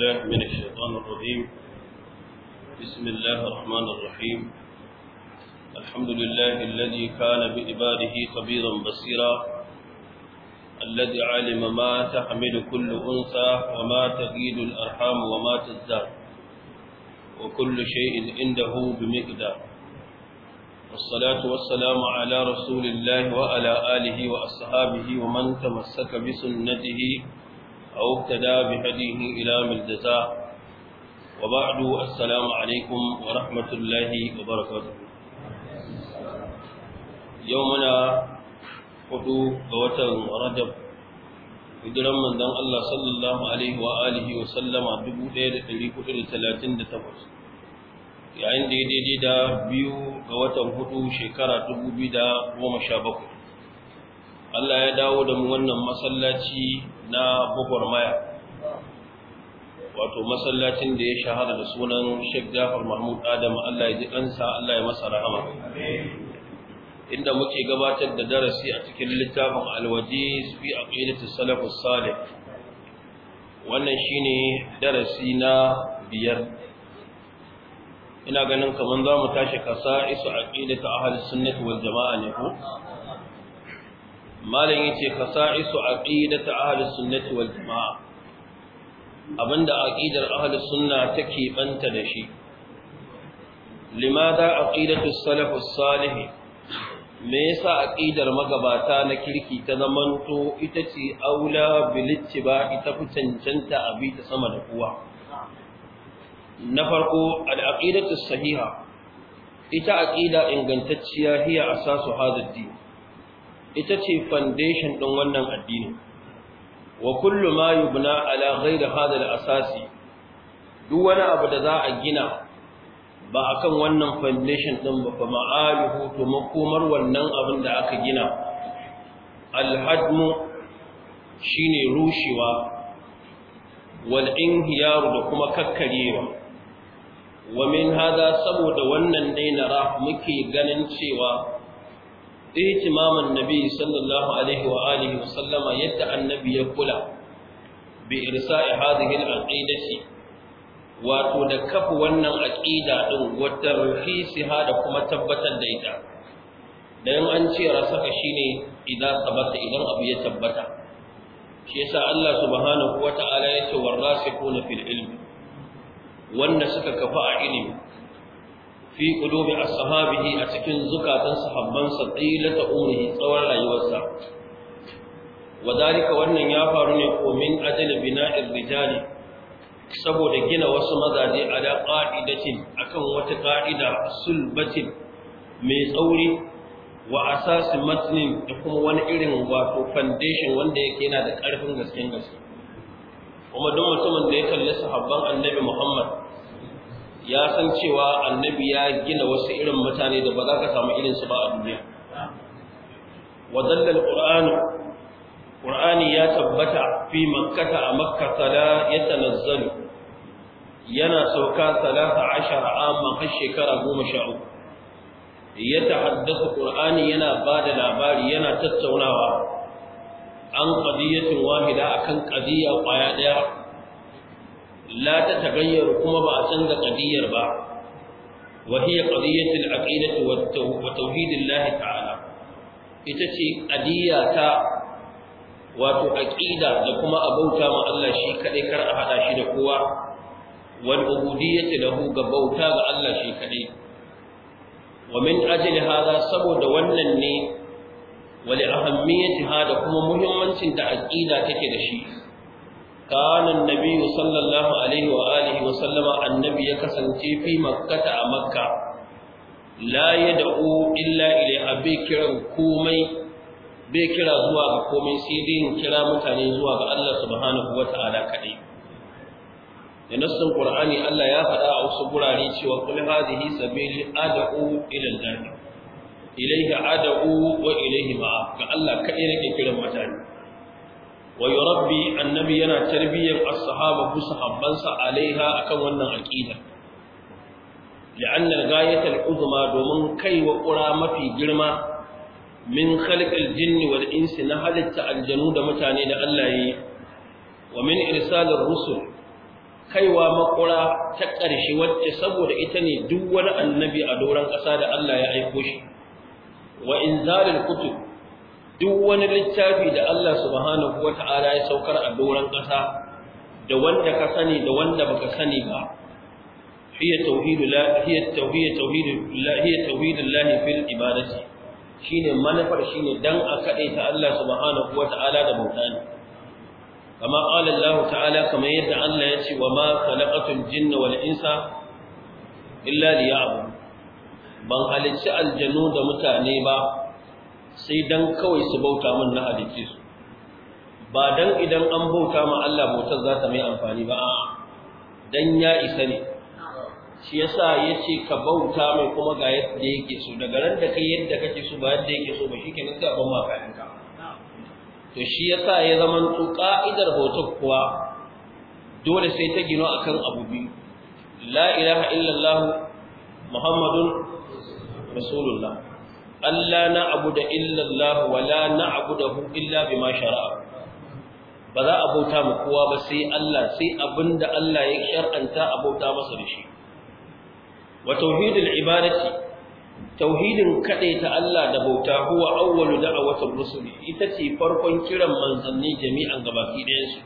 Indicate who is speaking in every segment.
Speaker 1: بالله من الشيطان الرجيم بسم الله الرحمن الرحيم الحمد لله الذي كان بإباده خبيرا بصيرا الذي علم ما تحمل كل أنثى وما تغيد الأرحام وما تزداد وكل شيء عنده بمقدار والصلاة والسلام على رسول الله وعلى آله وأصحابه ومن تمسك بسنته أو ابتدى بهديه إلى ملجزاء وبعد السلام عليكم ورحمة الله وبركاته يومنا hudu ga watan Rajab hijiran manzon Allah sallallahu alaihi wa alihi wa sallama 1438 yayin da ya daidai da biyu ga watan hudu shekara 2017 Allah ya dawo da mu wannan masallaci na maya, wato masallacin da ya shahara da sunan Sheikh Jafar Mahmud Adam Allah ya ji kansa Allah ya masa rahama inda muke gabatar da darasi a cikin littafin Al-Wajiz fi aqidati salaf salih wannan shine darasi na biyar ina ganin kaman zamu tashi kasa isu aqidati ahli sunnah wal jamaa ne ko
Speaker 2: malam yace khasa'isu
Speaker 1: aqidatu ahli sunnati wal jamaa abinda aqidar ahli sunna take banta da shi limada aqidatu salaf salih me yasa aqidar magabata na kirki ta zamanto ita ce aula bil ittiba ita fi cancanta abi ta sama da kuwa? na farko al aqidatu sahiha ita aqida ingantacciya hiya asasu hadha ita ce foundation ɗin wannan addini wa kullu ma yubna ala ghairi hada al-asasi duk wani abu da za a gina ba akan wannan foundation ɗin ba fa ma'aluhu to makomar wannan abin da aka gina al-hadmu shine rushewa wal inhiyaru da kuma kakkarewa wa min hada saboda wannan na ra muke ganin cewa ihtimaman nabi sallallahu alaihi wa alihi wa sallama yadda annabi ya kula bi irsa'i hadhihi al-aqidati wato da kafa wannan aqida din wata rufisiha da kuma tabbatar da ita dan an ce rasaka shine idan sabata idan abu ya tabbata shi yasa Allah subhanahu wata'ala ya ce warasikuna fil ilmi wanda suka kafa a ilimi fi a ashabihi a cikin zukatan sahabbansa sa ta umrihi tsawon rayuwarsa wadarika wannan ya faru ne komin min ajali bina'ir rijali saboda gina wasu mazaje ala qa'idatin akan wata qa'ida sulbatin mai tsauri
Speaker 3: wa asasi da kuma wani irin wato foundation wanda yake yana da ƙarfin
Speaker 1: gaske gaske kuma don mutumin da ya kalli sahabban annabi Muhammad ya san cewa annabi ya gina wasu irin mutane da ba za ka samu irinsu ba a duniya wadallal qur'anu qur'ani ya tabbata fi makkata a makka ya yatanazzalu yana sauka ashar amma har shekara goma uku ya tahaddathu qur'ani yana ba da labari yana tattaunawa an qadiyatin wahida akan qadiya kwaya ɗaya. la ta tagayyar kuma ba a canza qadiyar ba wa hiya qadiyatul aqidati wa ta'ala ita ce qadiya ta wato aqida da kuma abauta ma Allah shi kadai kar a hada shi da kowa wal ubudiyyati lahu ga bauta ga Allah shi kadai wa min ajli hada saboda wannan ne wa li ahammiyati hada kuma muhimmancin da aqida take da shi kanan nabi sallallahu alaihi wa wa sallama annabi ya kasance fi a makka la yad'u illa ilayha bai kira zuwa ga komai sai dai in kira mutane zuwa ga Allah subhanahu wata'ala kadai da nassin ƙur'ani Allah ya faɗa a wasu gurare cewa kul hadhihi sabili ad'u ila al-jannah ilayhi ad'u wa ilayhi ma'a ga Allah kadai nake kiran mutane wa yurabbi annabi yana tarbiyyar as-sahaba ku sahabbansa alaiha akan wannan aqida li'anna gayatar ghayat uzma domin kai wa mafi girma min khalq al-jinni wal insi na halitta aljanu da mutane da Allah yi wa min irsal ar-rusul kaiwa makura ta ƙarshe wacce saboda ita ne duk wani annabi a doron ƙasa da Allah ya aiko shi wa inzalil kutub duk wani littafi da Allah subhanahu Ta'ala ya saukar a doron ƙasa da wanda ka sani da wanda baka sani ba hiya tauhidu la hiya tauhidu tauhidu la hiya tauhidu Allah fil ibadati shine manufar shine dan a kadaita Allah subhanahu wata'ala da bauta ne kama qala Allah ta'ala kamar yadda Allah ya ce wa ma khalaqatul jinna wal insa illa liya'budun ban halicci aljanu da mutane ba sai dan kawai su bauta min na hadisi su ba dan idan an bauta ma Allah bautar za ta mai amfani ba a'a dan ya isa ne shi yasa yace ka bauta mai kuma ga yadda yake so daga ran da kai yadda kake so ba yadda yake so ba shikenan sai abin ma bayan ka to shi yasa ya zaman to ka'idar bautar kuwa dole sai ta gino akan abu biyu la ilaha illallah muhammadun rasulullah Allah na abu da wa wala na abu da hu illa bi shara'a ba za a bauta mu kowa ba sai Allah sai abinda Allah ya shar'anta a bauta masa da shi wa tauhidul ibadati tauhidin kadaita Allah da bauta huwa awwalu da'awatir rusul ita ce farkon kiran manzanni jami'an gabaki ɗayan su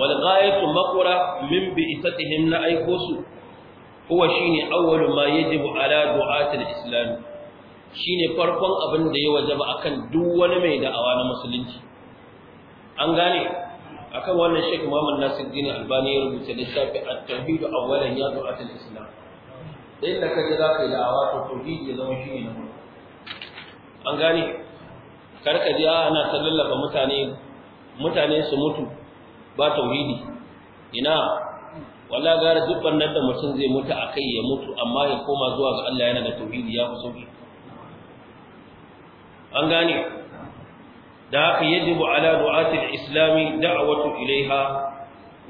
Speaker 1: wal ghayatu maqra min bi'tatihim na su, huwa shine awwalu ma yajibu ala du'atil islam shine farkon abin da ya wajaba akan duk wani mai da'awa na musulunci an gane akan wannan Sheikh Muhammad Dini Albani ya rubuta da shafi At-Tauhid awwalan ya du'a al-Islam dai da kaje za ka yi da'awa to tauhid ya zama shine na an gane kar ka ji ana sallallaba mutane mutane su mutu ba tauhidi ina wallahi gara dubban nan da mutum zai mutu akai ya mutu amma ya koma zuwa ga Allah yana da tauhidi ya fi sauki an gane da haka bu ala du'atil islami da'watu ilaiha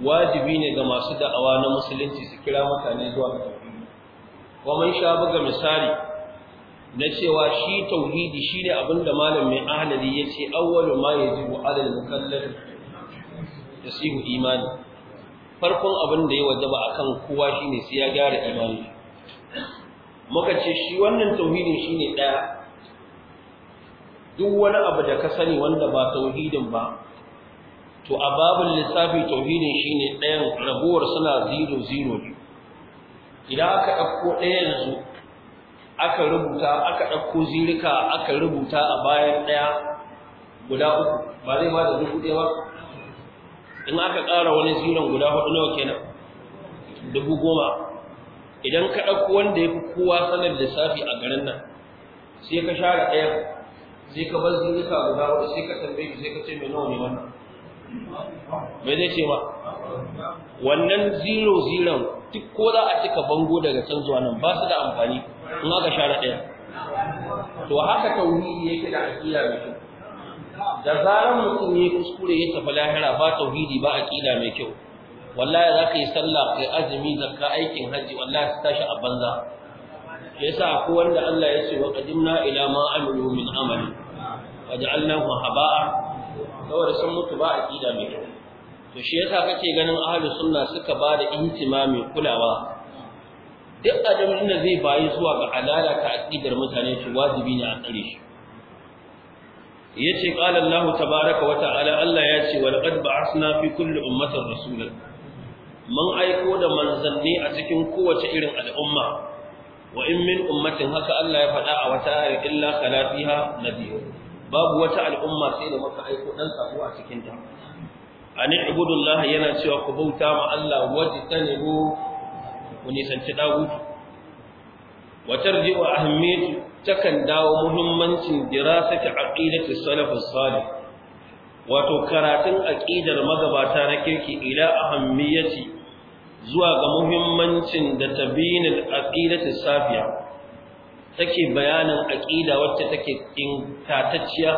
Speaker 1: wajibi ne ga masu da'awa na musulunci su kira mutane zuwa ga tauhidi kuma sha buga misali na cewa shi tauhidi shine abin da malam mai ahlali yace awwalu ma yajibu ala al-mukallaf yasihu imani farkon abin da ya wajaba akan kowa shine sai ya gyara imani muka ce shi wannan tauhidin shine daya duk wani abu da ka sani wanda ba tauhidin ba to a babin lissafi tauhidin shine ɗayan rabuwar suna zero zero ne idan aka ɗauko ɗaya yanzu aka rubuta aka ɗauko zirika aka rubuta a bayan ɗaya guda uku ba zai ba da dubu ɗaya ba in aka ƙara wani ziron guda hudu nawa kenan dubu goma idan ka ɗauko wanda ya fi kowa sanar lissafi a garin nan sai ka share ɗaya sai ka bar zurika guda wadda sai ka tambaye shi sai ka ce mai nawa ne wannan mai zai ce ma wannan zero zero duk ko za a cika bango daga can zuwa nan ba su da amfani in aka share ɗaya to haka tauhidi yake da aƙida mai kyau da zarar mutum ya kuskure ya tafi lahira ba tauhidi ba aƙida mai kyau wallahi za ka yi sallah kai azumi zakka aikin hajji wallahi su tashi a banza yasa ko wanda Allah ya ce wa qadimna ila ma amilu min amali waja'alnahu haba'a saboda sun mutu ba aqida mai kyau to shi yasa kake ganin ahlus sunna suka ba da ihtimami kulawa duk adamin da zai bayi zuwa ga alala ta aqidar mutane to wajibi ne a tsare shi yace qala Allah tabaaraka wa ta'ala Allah yace wa laqad ba'athna fi kulli ummatin rasulan mun aiko da manzanni a cikin kowace irin al'umma wa in min ummatin haka Allah ya faɗa a wata ayar illa khala fiha biyu. babu wata al'umma sai da muka aiko dan sako a cikin ta ani ibudullah yana cewa ku bauta ma Allah wajtanibu ku nisanci dagutu wa tarji'u ta kan dawo muhimmancin dirasati aqidati salafus salih wato karatun aqidar magabata na kirki ila ahammiyati zuwa ga muhimmancin da tabinul aqidati safiya take bayanin aqida wacce take tatacciya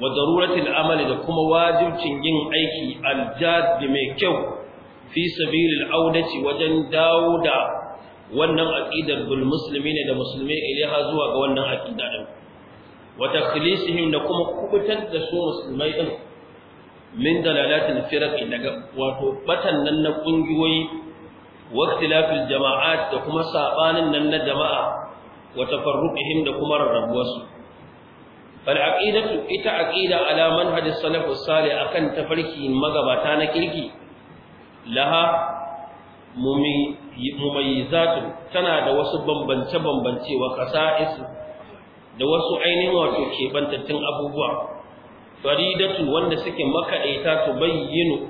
Speaker 1: wa daruratil amali da kuma wajibcin yin aiki aljad mai kyau fi sabilil audaci wajen dawo da wannan aqidar bil muslimina da musulmai ilaha zuwa ga wannan aqida din wa takhlisihim da kuma kubutar da su musulmai din min dalalatil firqi daga wato batan nan na kungiyoyi wa ikhtilafil jama'at da kuma sabanin nan na jama'a wa tafarruqihim da kuma rarrabuwarsu fal aqidatu ita aqida ala manhaj as-salaf as-salih akan tafarki magabata na kirki laha mumayyizatu tana da wasu bambance bambance wa qasa'is da wasu ainihin wato kebantattun abubuwa faridatu wanda suke makadaita tubayyinu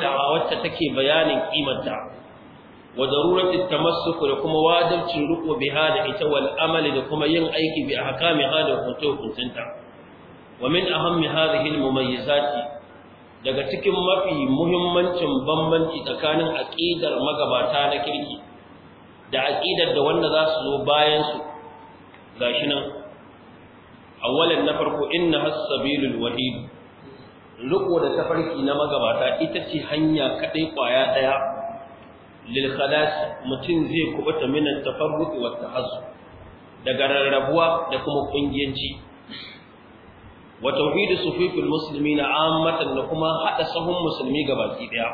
Speaker 1: a wacce take bayanin qimata wa darurati tamassuk da kuma wajibcin riko biha da ita wal amali da kuma yin aiki bi ahkami hada hukunta hukuntunta wa min ahammi hadhihi al mumayyizati daga cikin mafi muhimmancin bambanci tsakanin aqidar magabata na kirki da aqidar da wanda za su zo bayan su gashi nan na farko inna hasabilul wahid riko da tafarki na magabata ita ce hanya kadai kwaya daya lil mutum zai kubuta min at-tafarruq wa at daga rarrabuwa da kuma kungiyanci wa tauhid sufufil muslimina ammatan da kuma hada sahun musulmi gabaki daya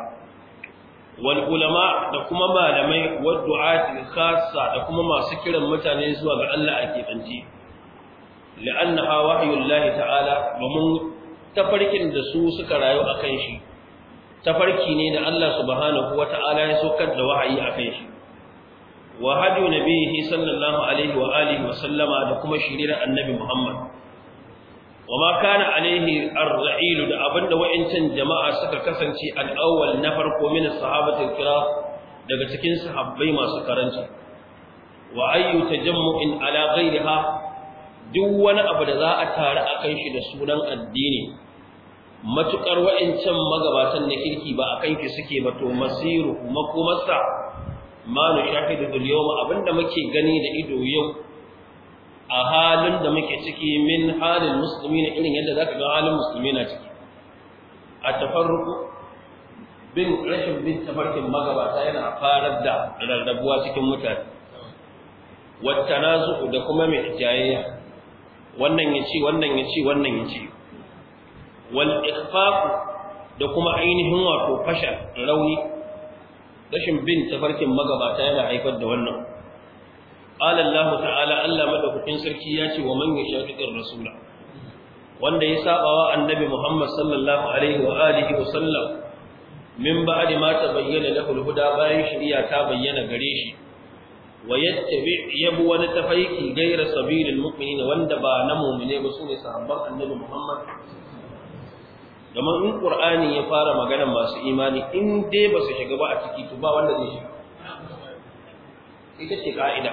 Speaker 1: wal ulama da kuma malamai wad du'ati khassa da kuma masu kiran mutane zuwa ga Allah a kebanci la'annaha wahyul lahi ta'ala domin tafarkin da su suka rayu akan shi tafarki ne da Allah subhanahu wata'ala ya sokar da wahayi a kai shi wa hadu nabihi sallallahu alaihi wa alihi wa sallama da kuma shirin annabi Muhammad wa ma kana alaihi da abinda wa'ancan jama'a suka kasance al na farko min sahabatul kira daga cikin sahabbai masu karanci wa ayyu tajammu'in ala ghayriha duk wani abu da za a taru kan shi da sunan addini matukar wa'ancan magabatan na kirki ba a kanki suke ba to masiru makomarsa ma nu Shafi da yawm abinda muke gani da ido yau a halin da muke ciki min halin musulmi na irin yadda za ka ga halin musulmi na ciki a tafarruku bin rashin bin tafarkin magabata yana farar da rarrabuwa cikin mutane wata nazu da kuma mai jayayya wannan ya ce wannan ya ce wannan ya ce wal da kuma ainihin wato fasha rauni rashin bin tafarkin magabata yana haifar da wannan qala Allah ta'ala Allah madaukakin sarki ya ce wa man yashaqiqir rasula wanda ya sabawa annabi Muhammad sallallahu alaihi wa alihi wa sallam min ba'di ma tabayyana lahu al-huda bayan shari'a ta bayyana gare shi wa ya bi wani tafaiki gaira sabilil mu'minin wanda ba na mu'mine ba sune sahabban annabi Muhammad kamar in qur'ani ya fara magana masu imani in dai ba su shiga ba a ciki to ba wanda zai shiga ita ce ka'ida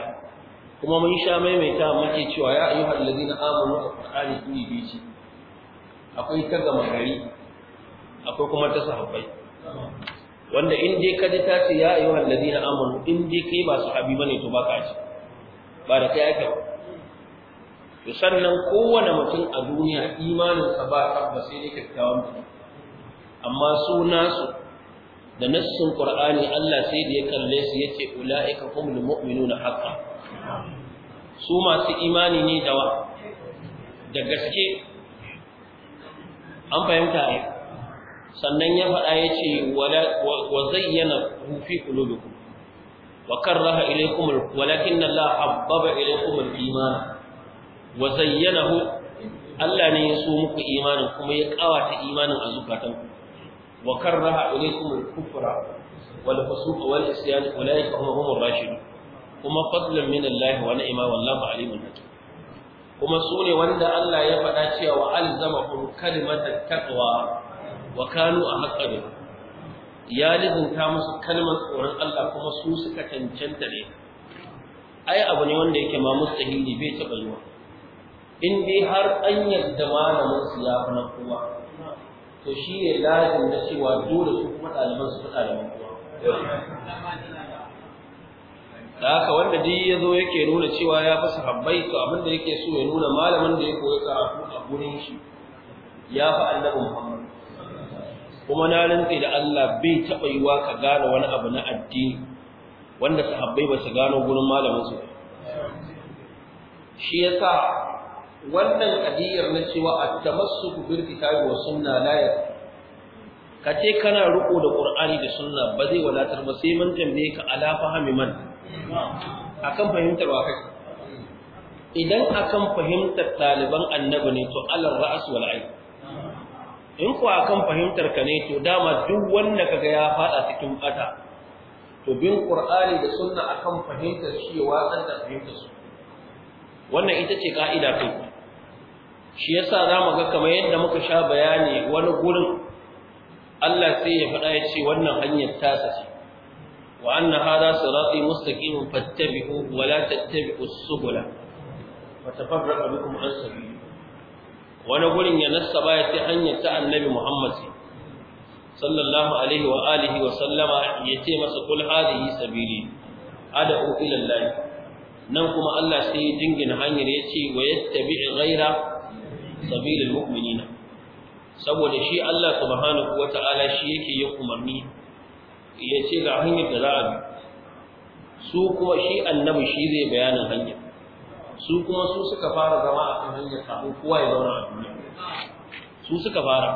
Speaker 1: kuma mun sha maimaita muke cewa ya ayyuha allazina amanu qur'ani kuni bi akwai ta gama gari akwai kuma ta sahabbai wanda in dai ka ta ce ya ayyuha allazina amanu in dai kai ba sahabi bane to ba ka ci ba da kai aka ba to sannan kowane mutum a duniya imaninsa ba tabbas sai dai kyakkyawan mutum amma su nasu da nassin qur'ani Allah sai da ya kalle su yace ulaika humul mu'minuna haqqan su masu imani ne da wa da gaske an fahimta sannan ya faɗa yace wala wa zayyana fi qulubikum wa karaha ilaykum walakin Allah habbaba ilaykum al-iman wa zayyanahu Allah ne ya so muku imanin kuma ya kawata imanin a zukatanku wa karraha ilaykum al-kufra wal fusuq wal isyan ulaika hum humur rashidun kuma fadlan min Allah wa ni'ma wallahu alimun hakim kuma sune wanda Allah ya faɗa cewa alzamahum kalimatat taqwa wa kanu ahqqa biha ya lizinta musu kalmar tsoron Allah kuma su suka cancanta ne ai abu ne wanda yake ma mustahili bai taɓa zuwa. in dai har an yadda malamin su ya fi na to shi ne lajin na cewa dole su kuma ɗaliban su fi da da haka wanda duk ya zo yake nuna cewa ya fi sahabbai to abin da yake so ya nuna malamin da ya koyi karatu a gurin shi ya fi annabi Muhammad kuma na rantsi da Allah bai taɓa yiwa ka gane wani abu na addini wanda sahabbai ba su gano gurin malamin su shi ya sa. wannan hadiyar na cewa a at-tamassuku bil kitabi wa sunna la ka ce kana riko da qur'ani da sunna ba zai wadatar ba sai mun tambaye ka ala fahimi man akan fahimtar wa kai idan akan fahimtar taliban annabi ne to alal ra'as wal ayn in ko akan fahimtar ka ne to dama duk wanda kaga ya fada cikin bata to bin qur'ani da sunna akan fahimtar shi wa an da fahimtar su wannan ita ce ka'ida kai shi yasa za mu ga kamar yadda muka sha bayani wani gurin Allah sai ya faɗa ya ce wannan hanyar tasa ce wa anna hada sirati mustaqim fattabi'u wa la tattabi'u subula wa tafarraqu bikum an sabili wani gurin ya nassaba ya ce hanyar ta annabi Muhammad sallallahu alaihi wa alihi wa sallama ya ce masa kul hadhihi sabili ad'u ila Allah nan kuma Allah sai ya dingina hanyar ya ce wa yattabi'u ghaira sabilul mu'minina saboda shi Allah subhanahu Ta'ala shi yake yi umarni ya ce ga hanyar da za a bi su kuma shi annabi shi zai bayanin hanyar su kuma su suka fara zama a kan hanyar kafin kowa ya zauna a duniya su suka fara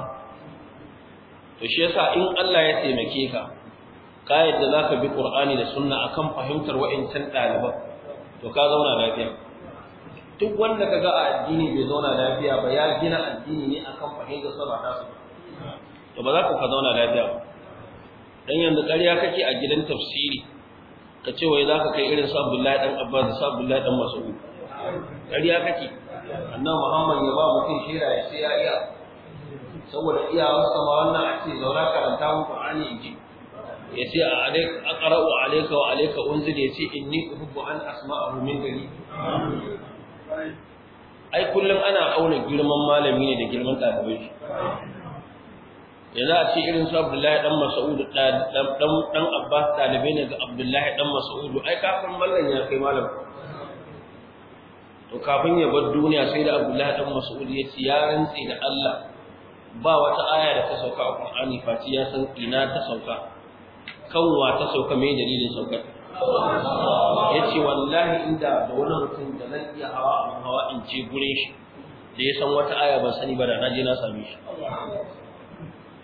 Speaker 1: to shi yasa in Allah ya taimake ka ka yadda ka bi ƙur'ani da Sunna akan fahimtar wa'incan ɗaliban to ka zauna lafiya duk wanda ga a addini bai zauna lafiya ba ya gina addini ne akan fahimtar sa ba ta su to ba za ku ka zauna lafiya ba dan yanzu ƙarya kake a gidan tafsiri ka ce wai ka kai irin sa Abdullahi dan Abbas da sa Abdullahi dan Mas'ud ƙarya kake Annan Muhammad ya ba mutum shira ya sai ya iya saboda iyawarsa ma wannan a ce zaura karanta mu Qur'ani ji ya ce a alaik a alayka wa alayka unzil ya ce inni uhibbu an asma'ahu min gari ai kullum ana auna girman malami ne da girman ɗalibai shi yanzu a ce irin su abdullahi dan mas'ud dan dan abbas ɗalibai ne ga abdullahi dan mas'ud ai kafin mallan ya kai malam to kafin ya bar duniya sai da abdullahi dan mas'ud ya ci ya rantse da Allah ba wata aya da ta sauka a Qur'ani fati ya san ina ta sauka kanwa ta sauka mai dalilin saukar ya ce wallahi inda da wani mutum zan iya hawa abin hawa in ce gure shi da ya san wata aya ban sani ba da na na same shi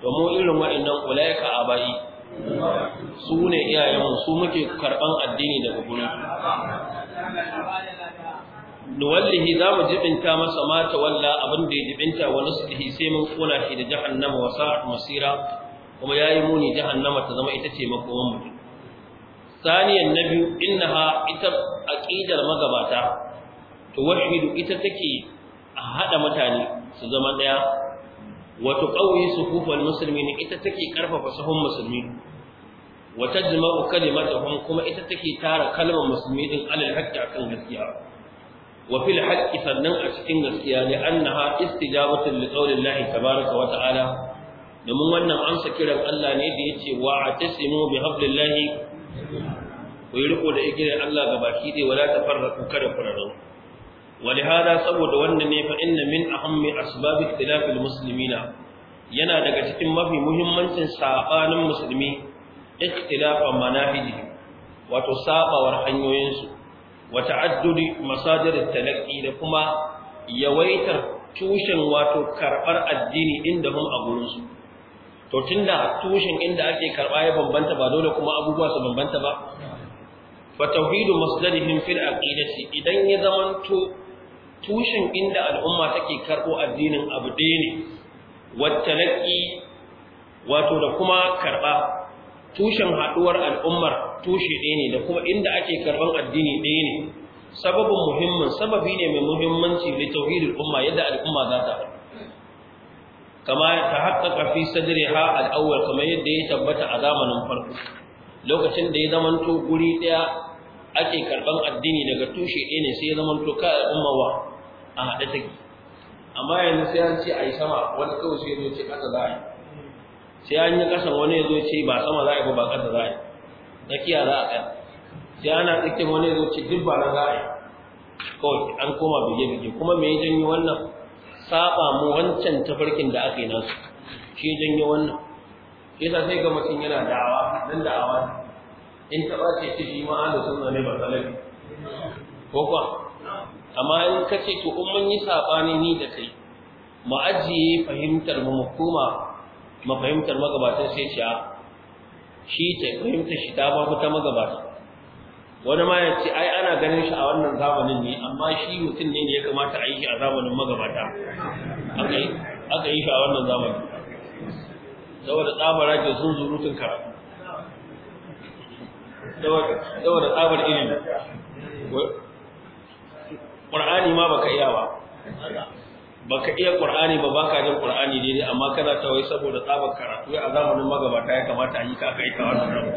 Speaker 1: to mu irin wa'annan ulaika abai su ne iyayenmu su muke karban addini daga gurin
Speaker 2: nuwallihi za mu jibinta
Speaker 1: masa mata walla abin da ya jibinta wa nuslihi sai mun kona shi da jahannama wa sa'at masira kuma yayi muni jahannama ta zama ita ce makoman mutum saniyan na biyu ha, ita aqidar magabata tuwahidu ita take a hada mutane su zama daya wa tuqawi sufufal muslimin ita take karfafa sahun musulmi wa tajma'u kalimatuhum kuma ita take tara kalmar musulmi din alal haqqi akan gaskiya wa fil haqqi sannan a cikin gaskiya ne annaha istijabatu li qawlillahi tabaaraka wa ta'ala domin wannan amsa kiran Allah ne da yace wa atasimu bi hablillahi ku yi riko da igiyar Allah ga baki dai wala tafarraqu kada ku rarau ولهذا سبب wannan ne fa inna min ahammi asbab ikhtilaf almuslimina yana daga cikin mafi muhimmancin sabanin musulmi ikhtilaf manahiji wato sabawar hanyoyin su wa ta'addud masadir at-talaqqi da kuma yawaitar tushen wato karbar addini inda mun a gurin su to tunda tushen inda ake karba ya bambanta ba dole kuma abubuwa su bambanta ba fa tawhidu masdarihim fil aqidati idan ya zamanto tushen inda al'umma take karɓo addinin abu ɗaya ne wattalaki wato da kuma karɓa tushen haɗuwar al'ummar tushe ɗaya ne da kuma inda ake karɓan addini ɗaya ne sababin muhimmin sababi ne mai muhimmanci da tauhidul umma yadda al'umma za ta kama ta haƙƙaƙa fi ha al'awwal kamar yadda ya tabbata a zamanin farko lokacin da ya zamanto guri ɗaya ake karɓan addini daga tushe ɗaya ne sai ya zamanto ka al'umma wa a haɗe take amma yanzu sai an ce a yi sama wani kawai sai zo ce ƙasa za a yi sai an yi ƙasa wani zo ce ba sama za a yi ba ba ƙasa za a yi tsakiya za a tsaya sai ana tsakiyar wani zo ce duk ba na za a yi kawai an koma bige-bige kuma me ya janyo wannan saba mu wancan tafarkin da aka yi nasu shi ya janyo wannan shi yasa sai ga mutum yana da'awa dan da'awa in taɓa ce shi ma ahlus sun ne ba salafi ko kuwa amma in ka ce to in mun yi saɓani ni da kai mu ajiye fahimtar mu koma mu fahimtar magabatan sai ce shi ta fahimtar shi ta babu ta magabata wani ma ya ce ai ana ganin shi a wannan zamanin ne amma shi mutum ne da ya kamata a yi shi a zamanin magabata aka yi shi a wannan zamanin saboda tsabara ke sun zurutun karatu saboda tsabar ilimi
Speaker 2: qur'ani ma baka iya ba
Speaker 1: baka iya qur'ani ba baka jin qur'ani ne amma kana ta wai saboda tsabar karatu a zamanin magabata ya kamata a yi ka kai ka wannan rabu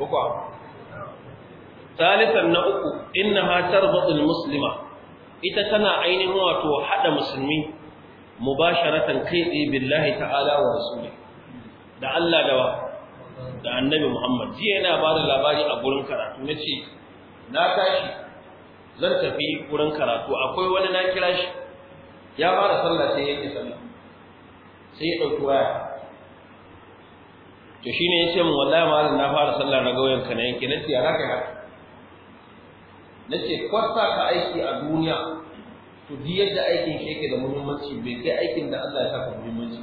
Speaker 1: ko kwa uku inna ha تربط muslima ita tana ainihin wato hada musulmi mubasharatan kai tsaye billahi ta'ala wa rasuli da Allah da wa da annabi Muhammad jiya yana ba da labari a gurin karatu nace na tashi zan tafi wurin karatu akwai wani na kira shi ya fara sallah sai yake sallah sai ya ɗauki waya to shine yace min wallahi malam na fara sallah na gauyen ka na yanke nace ya zaka haka nace kwasta ka aiki a duniya to duk yadda aikin shi yake da muhimmanci bai kai aikin da Allah ya saka muhimmanci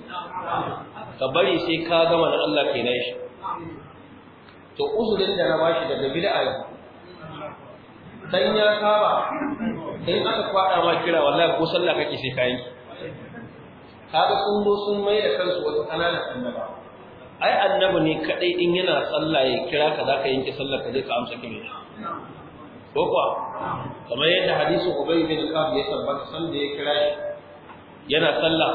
Speaker 2: ka bari sai ka gama da Allah ke nayi shi
Speaker 1: to uzurin da na bashi daga bid'a dan ya saba in aka kwada ma kira wallahi ko sallah kake sai kayi kaga sun zo sun mai da kansu wasu kananan annaba ai annabi ne kadai in yana sallah ya kira ka zaka yanke sallar ka je ka amsa kiran ko kuwa kamar yadda hadisin ubay bin kab ya tabbata san da ya kira shi yana sallah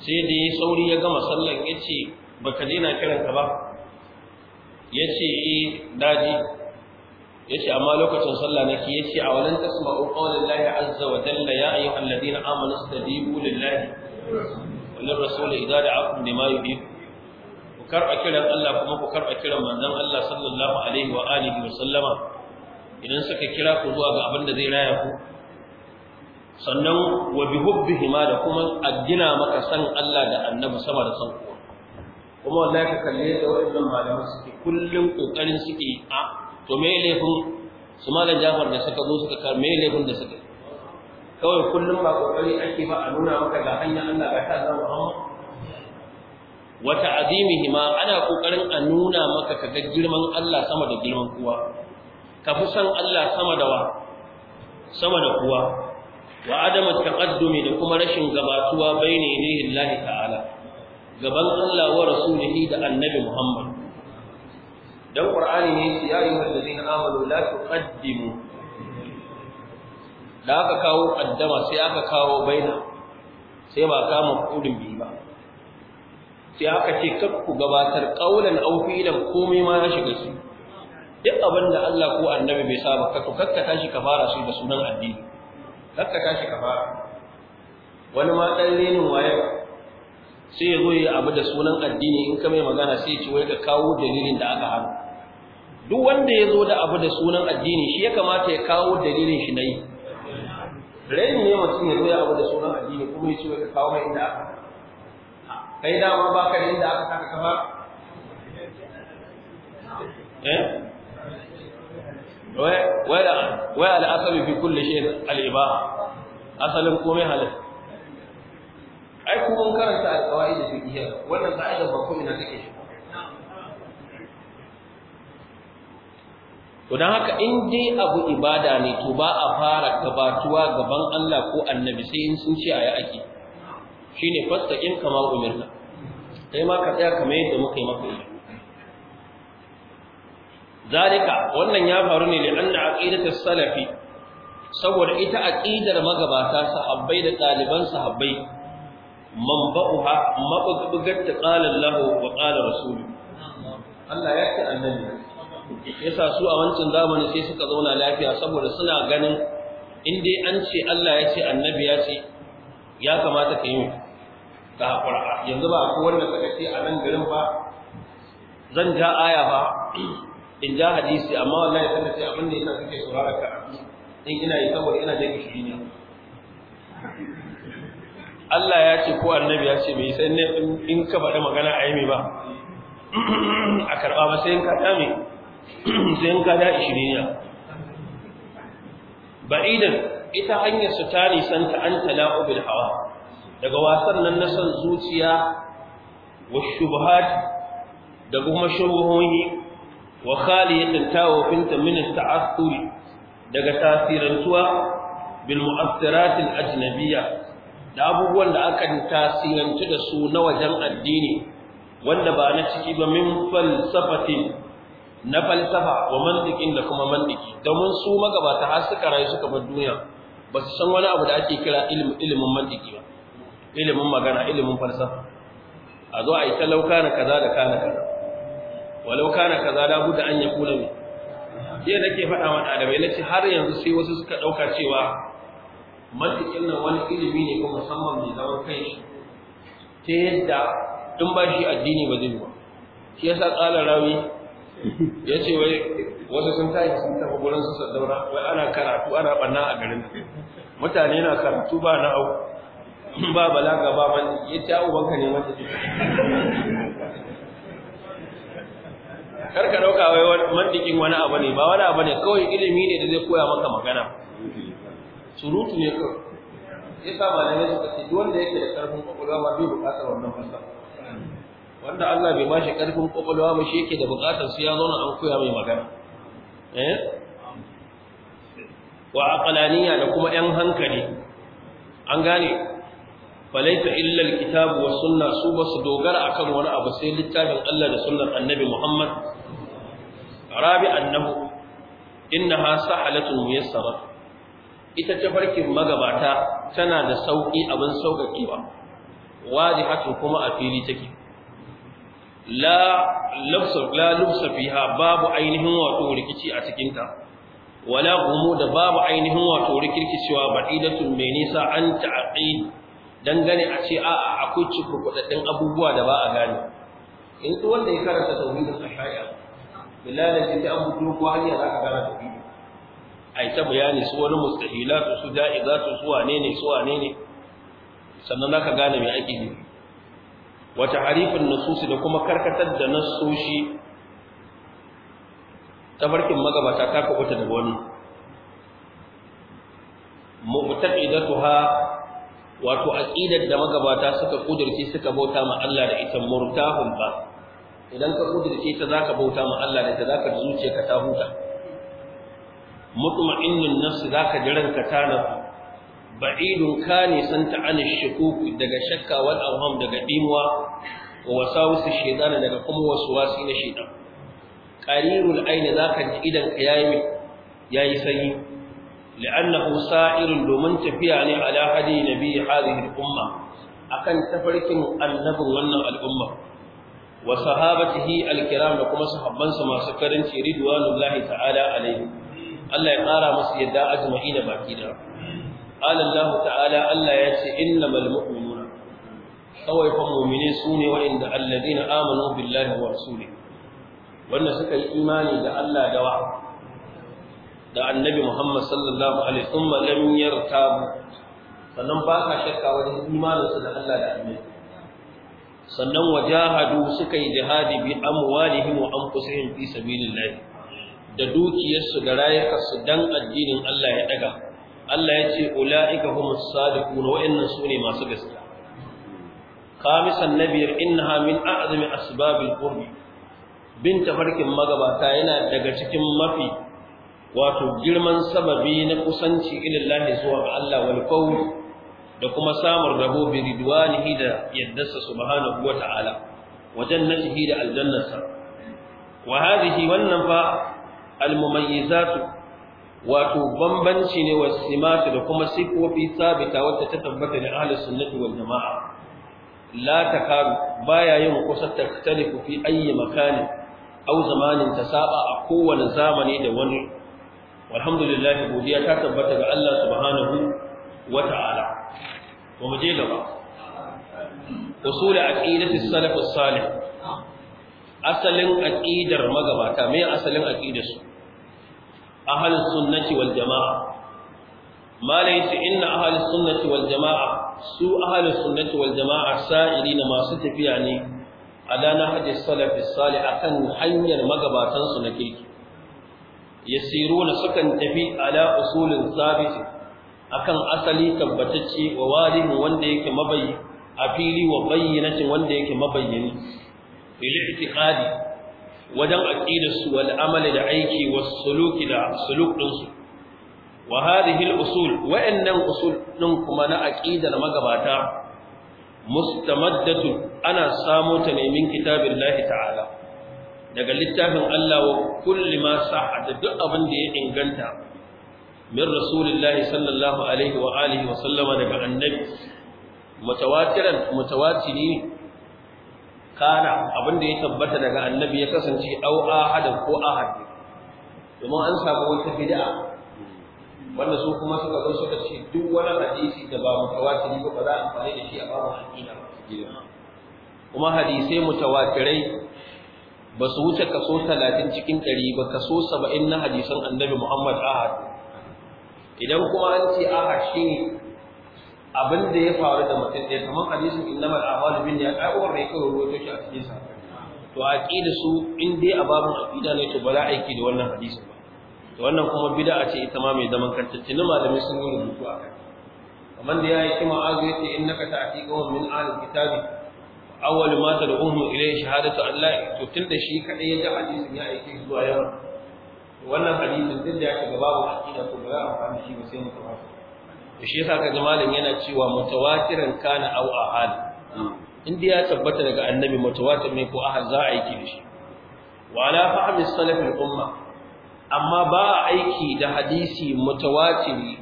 Speaker 1: sai da ya sauri ya gama sallan yace baka je na kiran ka ba yace eh daji yace amma lokacin sallah nake yace a walan tasma'u qawlillahi azza wa jalla ya ayyuhal ladina amanu istajibu lillahi wal rasul idza da'akum lima yuhib ku karba kiran Allah kuma ku karba kiran manzon Allah sallallahu alaihi wa alihi wa sallama idan suka kira ku zuwa ga abin da zai raya ku sannan wa bihubbihima da kuma addina maka san Allah da annabi sama da san kuma wallahi ka kalle da wannan malamai suke kullun kokarin suke a ah, to me laifin su malam jafar da suka zo suka kar me laifin da suka kawai kullum ba kokari ake ba a nuna maka ga hanyar Allah ga ta zama Muhammad wa ta'zimihima ana kokarin a nuna maka kaga girman Allah sama da girman kowa ka fi san Allah sama da wa sama da kowa wa adama taqaddumi da kuma rashin gabatuwa baina ilahi ta'ala gaban Allah wa rasulihi da annabi Muhammad dan qur'ani ne yace ya ayyuhal ladina amalu la tuqaddimu da aka kawo addama sai aka kawo baina sai ba kama kudin bi ba sai aka ce kar ku gabatar qaulan aw fi'lan komai ma ya shiga su duk abin da Allah ko annabi bai saba ka to kakka tashi ka fara su da sunan addini kakka tashi ka fara wani ma dan lenin waye sai ya zo ya abu da sunan addini in ka mai magana sai ya ci wai ka kawo dalilin da aka hana duk wanda ya zo da abu da sunan addini shi ya kamata ya kawo dalilin shi na yi ne mutum ya zo ya abu da sunan addini kuma ya ci wai ka kawo mai inda aka kai ma ba ka da inda aka saka kafa eh wai wai al-asabi fi kulli shay'in al'ibaha asalin komai halal ai kuma mun karanta alƙawa'id fiqhiyya wannan ka'ida ba kuma ina take shi to dan haka in dai abu ibada ne to ba a fara gabatuwa gaban Allah ko annabi sai in sun ce ayi ake shine in kama umirna sai ma ka tsaya kamar yadda muka yi maka zalika wannan ya faru ne da anna aqidatus salafi saboda ita aqidar magabata sahabbai da ɗaliban sahabbai manba'uha mabugbugar ta qala Allah wa qala rasul Allah ya ce annabi yasa su a wancan zamani sai suka zauna lafiya saboda suna ganin inda an ce Allah ya ce annabi ya ce ya kamata ka yi ka hakura yanzu ba ko wanda suka ce a nan garin ba zan ja aya ba in ja hadisi amma wallahi sai abin da yasa suke saurara ka in ina yi saboda ina da gishiri ne Allah ya ce ko annabi ya ce bai sai in ka faɗi magana a yi mai ba a karɓa ba sai in ka ɗame sai in ka da ishiriniya ba'idan ita hanyar su ta nisan ta an tala'u bil hawa daga wasan nan na son zuciya wa shubuhat da kuma shubuhoyi wa khaliyatin tawafinta min at-ta'assuri daga tasirantuwa bil mu'assirat al-ajnabiyya da abubuwan da aka tasirantu da su na wajen addini wanda ba na ciki ba min falsafatin na falsafa wa mantikin da kuma mantiki domin su magabata har suka rayu suka bar duniya ba su san wani abu da ake kira ilimin mantiki ba ilimin magana ilimin falsafa a zo a yi talauka na kaza da kana kaza walau kana kaza da da an ya kula ne. jiya nake faɗa wa ɗalibai na ce har yanzu sai wasu suka ɗauka cewa mantiƙin nan wani ilimi ne kuma musamman mai zaman shi ta yadda tun ba shi addini ba zai ba shi yasa ƙala rami ya ce wai wasu sun tashi sun tafi gurin su sadaura wai ana karatu ana ɓanna a garin mutane na karatu ba na au ba balaga ba man ya ta ubanka ne mata
Speaker 2: karka ɗauka wai mandikin
Speaker 1: wani abu ne ba wani abu ne kawai ilimi ne da zai koya maka magana surutu ne kawai yasa malamai suka ce wanda yake da karfin kwakwalwa ma bai buƙatar wannan fasaha wanda Allah bai bashi karfin kwakwalwa ba shi yake da bukatar su ya zauna an koya mai magana eh wa aqlaniya da kuma 'yan hankali an gane falaita illa alkitab wa sunna su ba su dogara akan wani abu sai littafin Allah da sunnar annabi Muhammad rabi annahu innaha sahalatun muyassara ita farkin magabata tana da sauƙi abin sauƙaƙewa wazihatun kuma a fili take la la lufsa fiha babu ainihin wato rikici a cikinta, wala gumu da babu ainihin wato rikirkicewa ba'idatun mai nisa an ta'aqi dangane a ce a akwai cikurkudaddin abubuwa da ba a gane in wanda ya karanta tauhidin ashari'a billahi da an buɗe ko hanya za ka gane tauhidin ai ta bayani su wani mustahilatu su za su wane ne su wane ne sannan zaka gane me ake nufi wa harifin nusus da kuma karkatar da ta tabarkin magabata ta kubuta daga wannan mu'taqidatuha wato aqidar da magabata suka kudirce suka bauta ma Allah da ita murtahun ba idan ka kudirce ta zaka bauta ma Allah da ita zaka ka ta huta mutum'innin nafsi zaka ji ranka tana ba'idun ka ne santa an shukuk daga shakka wal awham daga dimwa wa wasawisi shaytan daga kuma waswasi na shaytan qarirul ayn zaka ji idan kayayi sanyi. sayi li'annahu sa'irun domin tafiya ne ala hadi nabi hadhihi al-umma akan tafarkin annabin wannan al-umma wa sahabatihi al-kiram da kuma sahabban sa masu karanci ridwanullahi ta'ala alaihi Allah ya ƙara musu yadda ajma'ina baki da qala Allah ta'ala Allah ya ce innamal mu'minuna kawai fa mu'mine sune wa'inda alladhina amanu billahi wa rasulihi wanda suka yi imani da Allah da wa da annabi Muhammad sallallahu alaihi wasallam lam yartabu sannan ba ka shakka wajen imaninsu da Allah da annabi sannan wajahadu suka yi jihadi bi amwalihim wa anfusihim fi sabilillah da dukiyarsu da rayukarsu dan addinin Allah ya daga Allah ya ce ulaika humus sadiqun wa'annan sune masu gaskiya Kamisan nabiyar innaha min su asbabil qurbi bin tafarkin magabata yana daga cikin mafi wato girman sababi na kusanci ilallahi zuwa ga Allah wal qawli da kuma samun rabo bi ridwanihi da yaddarsa subhanahu wata'ala wa jannatihi da aljannarsa wa hadhihi wannan fa almumayyizatu wato bambanci ne wasimatu da kuma siffofi sabita wacce ta tabbata da ahli sunnati wal jamaa la takaru baya yin kusa taktalifu fi ayyi makanin aw zamanin a kowane zamani da wani Alhamdulillahi godiya ta tabbata ga Allah subhanahu wa ta'ala mu je gaba usul aqidati salaf as-salih asalin aqidar magabata me asalin aqidar su ahlus sunnati wal jamaa mala yace inna ahlus sunnati wal jamaa su ahlus sunnati wal jamaa sa'ilina masu tafiya ne ala nahji salaf salih akan hanyar magabatan su na kirki yasiruna sukan tafi ala usulin sabit akan asali tabbatacce wa walihi wanda yake mabayyi a fili wa bayyinatin wanda yake mabayyani bil i'tiqadi wajen aqidar su wal amali da aiki was suluki da suluk din su wa hadhihi al usul wa'annan usul din kuma na aqidar magabata mustamaddatu ana samo ta ne min kitabillahi ta'ala daga littafin Allah wa kulli ma sa'a da duk abin da ya inganta min rasulillahi sallallahu alaihi wa alihi wa sallama daga annabi mutawatiran mutawatiri kana da ya tabbata daga annabi ya kasance au ahad ko ahad domin an samu wata bid'a wanda su kuma suka zo suka ce duk wani hadisi da ba mutawatir ba ba za a amfani da shi a babu hakika
Speaker 2: kuma hadisai mutawatirai
Speaker 1: ba su wuce kaso 30 cikin 100 ba kaso 70 na hadisan annabi Muhammad ahad idan kuma an ce ahad shine abin da ya faru da mutum ɗaya kamar hadisin innamal a'malu bin ya ai uwar rai kawai ruwaito shi a cikin sa to aqida su in dai a babun aqida ne to ba za a aiki da wannan hadisin ba to wannan kuma bid'a ce ita ma mai zaman kanta tuni malamin sun yi rubutu a kai kamar da ya yi kima azu yace innaka ta'ti qawmin min ahli kitabi awwal ma tad'uhum ilayhi shahadatu an la to tunda shi kadai ya ji hadisin ya aiki zuwa yawa wannan hadisin duk da ya shiga babu aqida to ba za a amfani shi ba sai mu tabbata shi yasa kaga malam yana cewa mutawatiran kana aw ahad inda ya tabbata daga annabi mutawatir ne ko ahad za a aiki da shi wa ala fahmi salaf al umma amma ba aiki da hadisi mutawatiri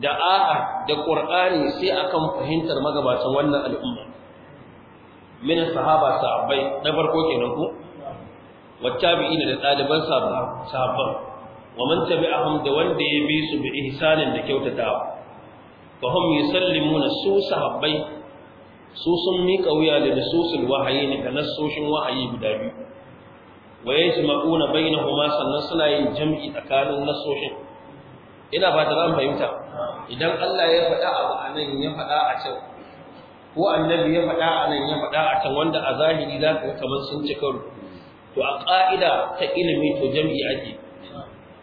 Speaker 1: da ahad da qur'ani sai akan fahimtar magabatan wannan al'umma min sahaba sahabbai na farko kenan ko wattabi'in da ɗaliban sahabban wa man tabi'ahum da wanda ya bi su bi ihsanin da kyautatawa fa hum yusallimuna su sahabbai su sun mika wuya da nususul wahayi ne da nassoshin wahayi guda biyu Waye wa yajma'una huma sannan suna yin jami'i tsakanin nasoshin? ina ba ta zan fahimta idan Allah ya faɗa abu anan ya faɗa a can ko annabi ya faɗa anan ya faɗa a can wanda a zahiri za ka kamar sun ci karu, to a ƙa'ida ta ilimi to jam'i ake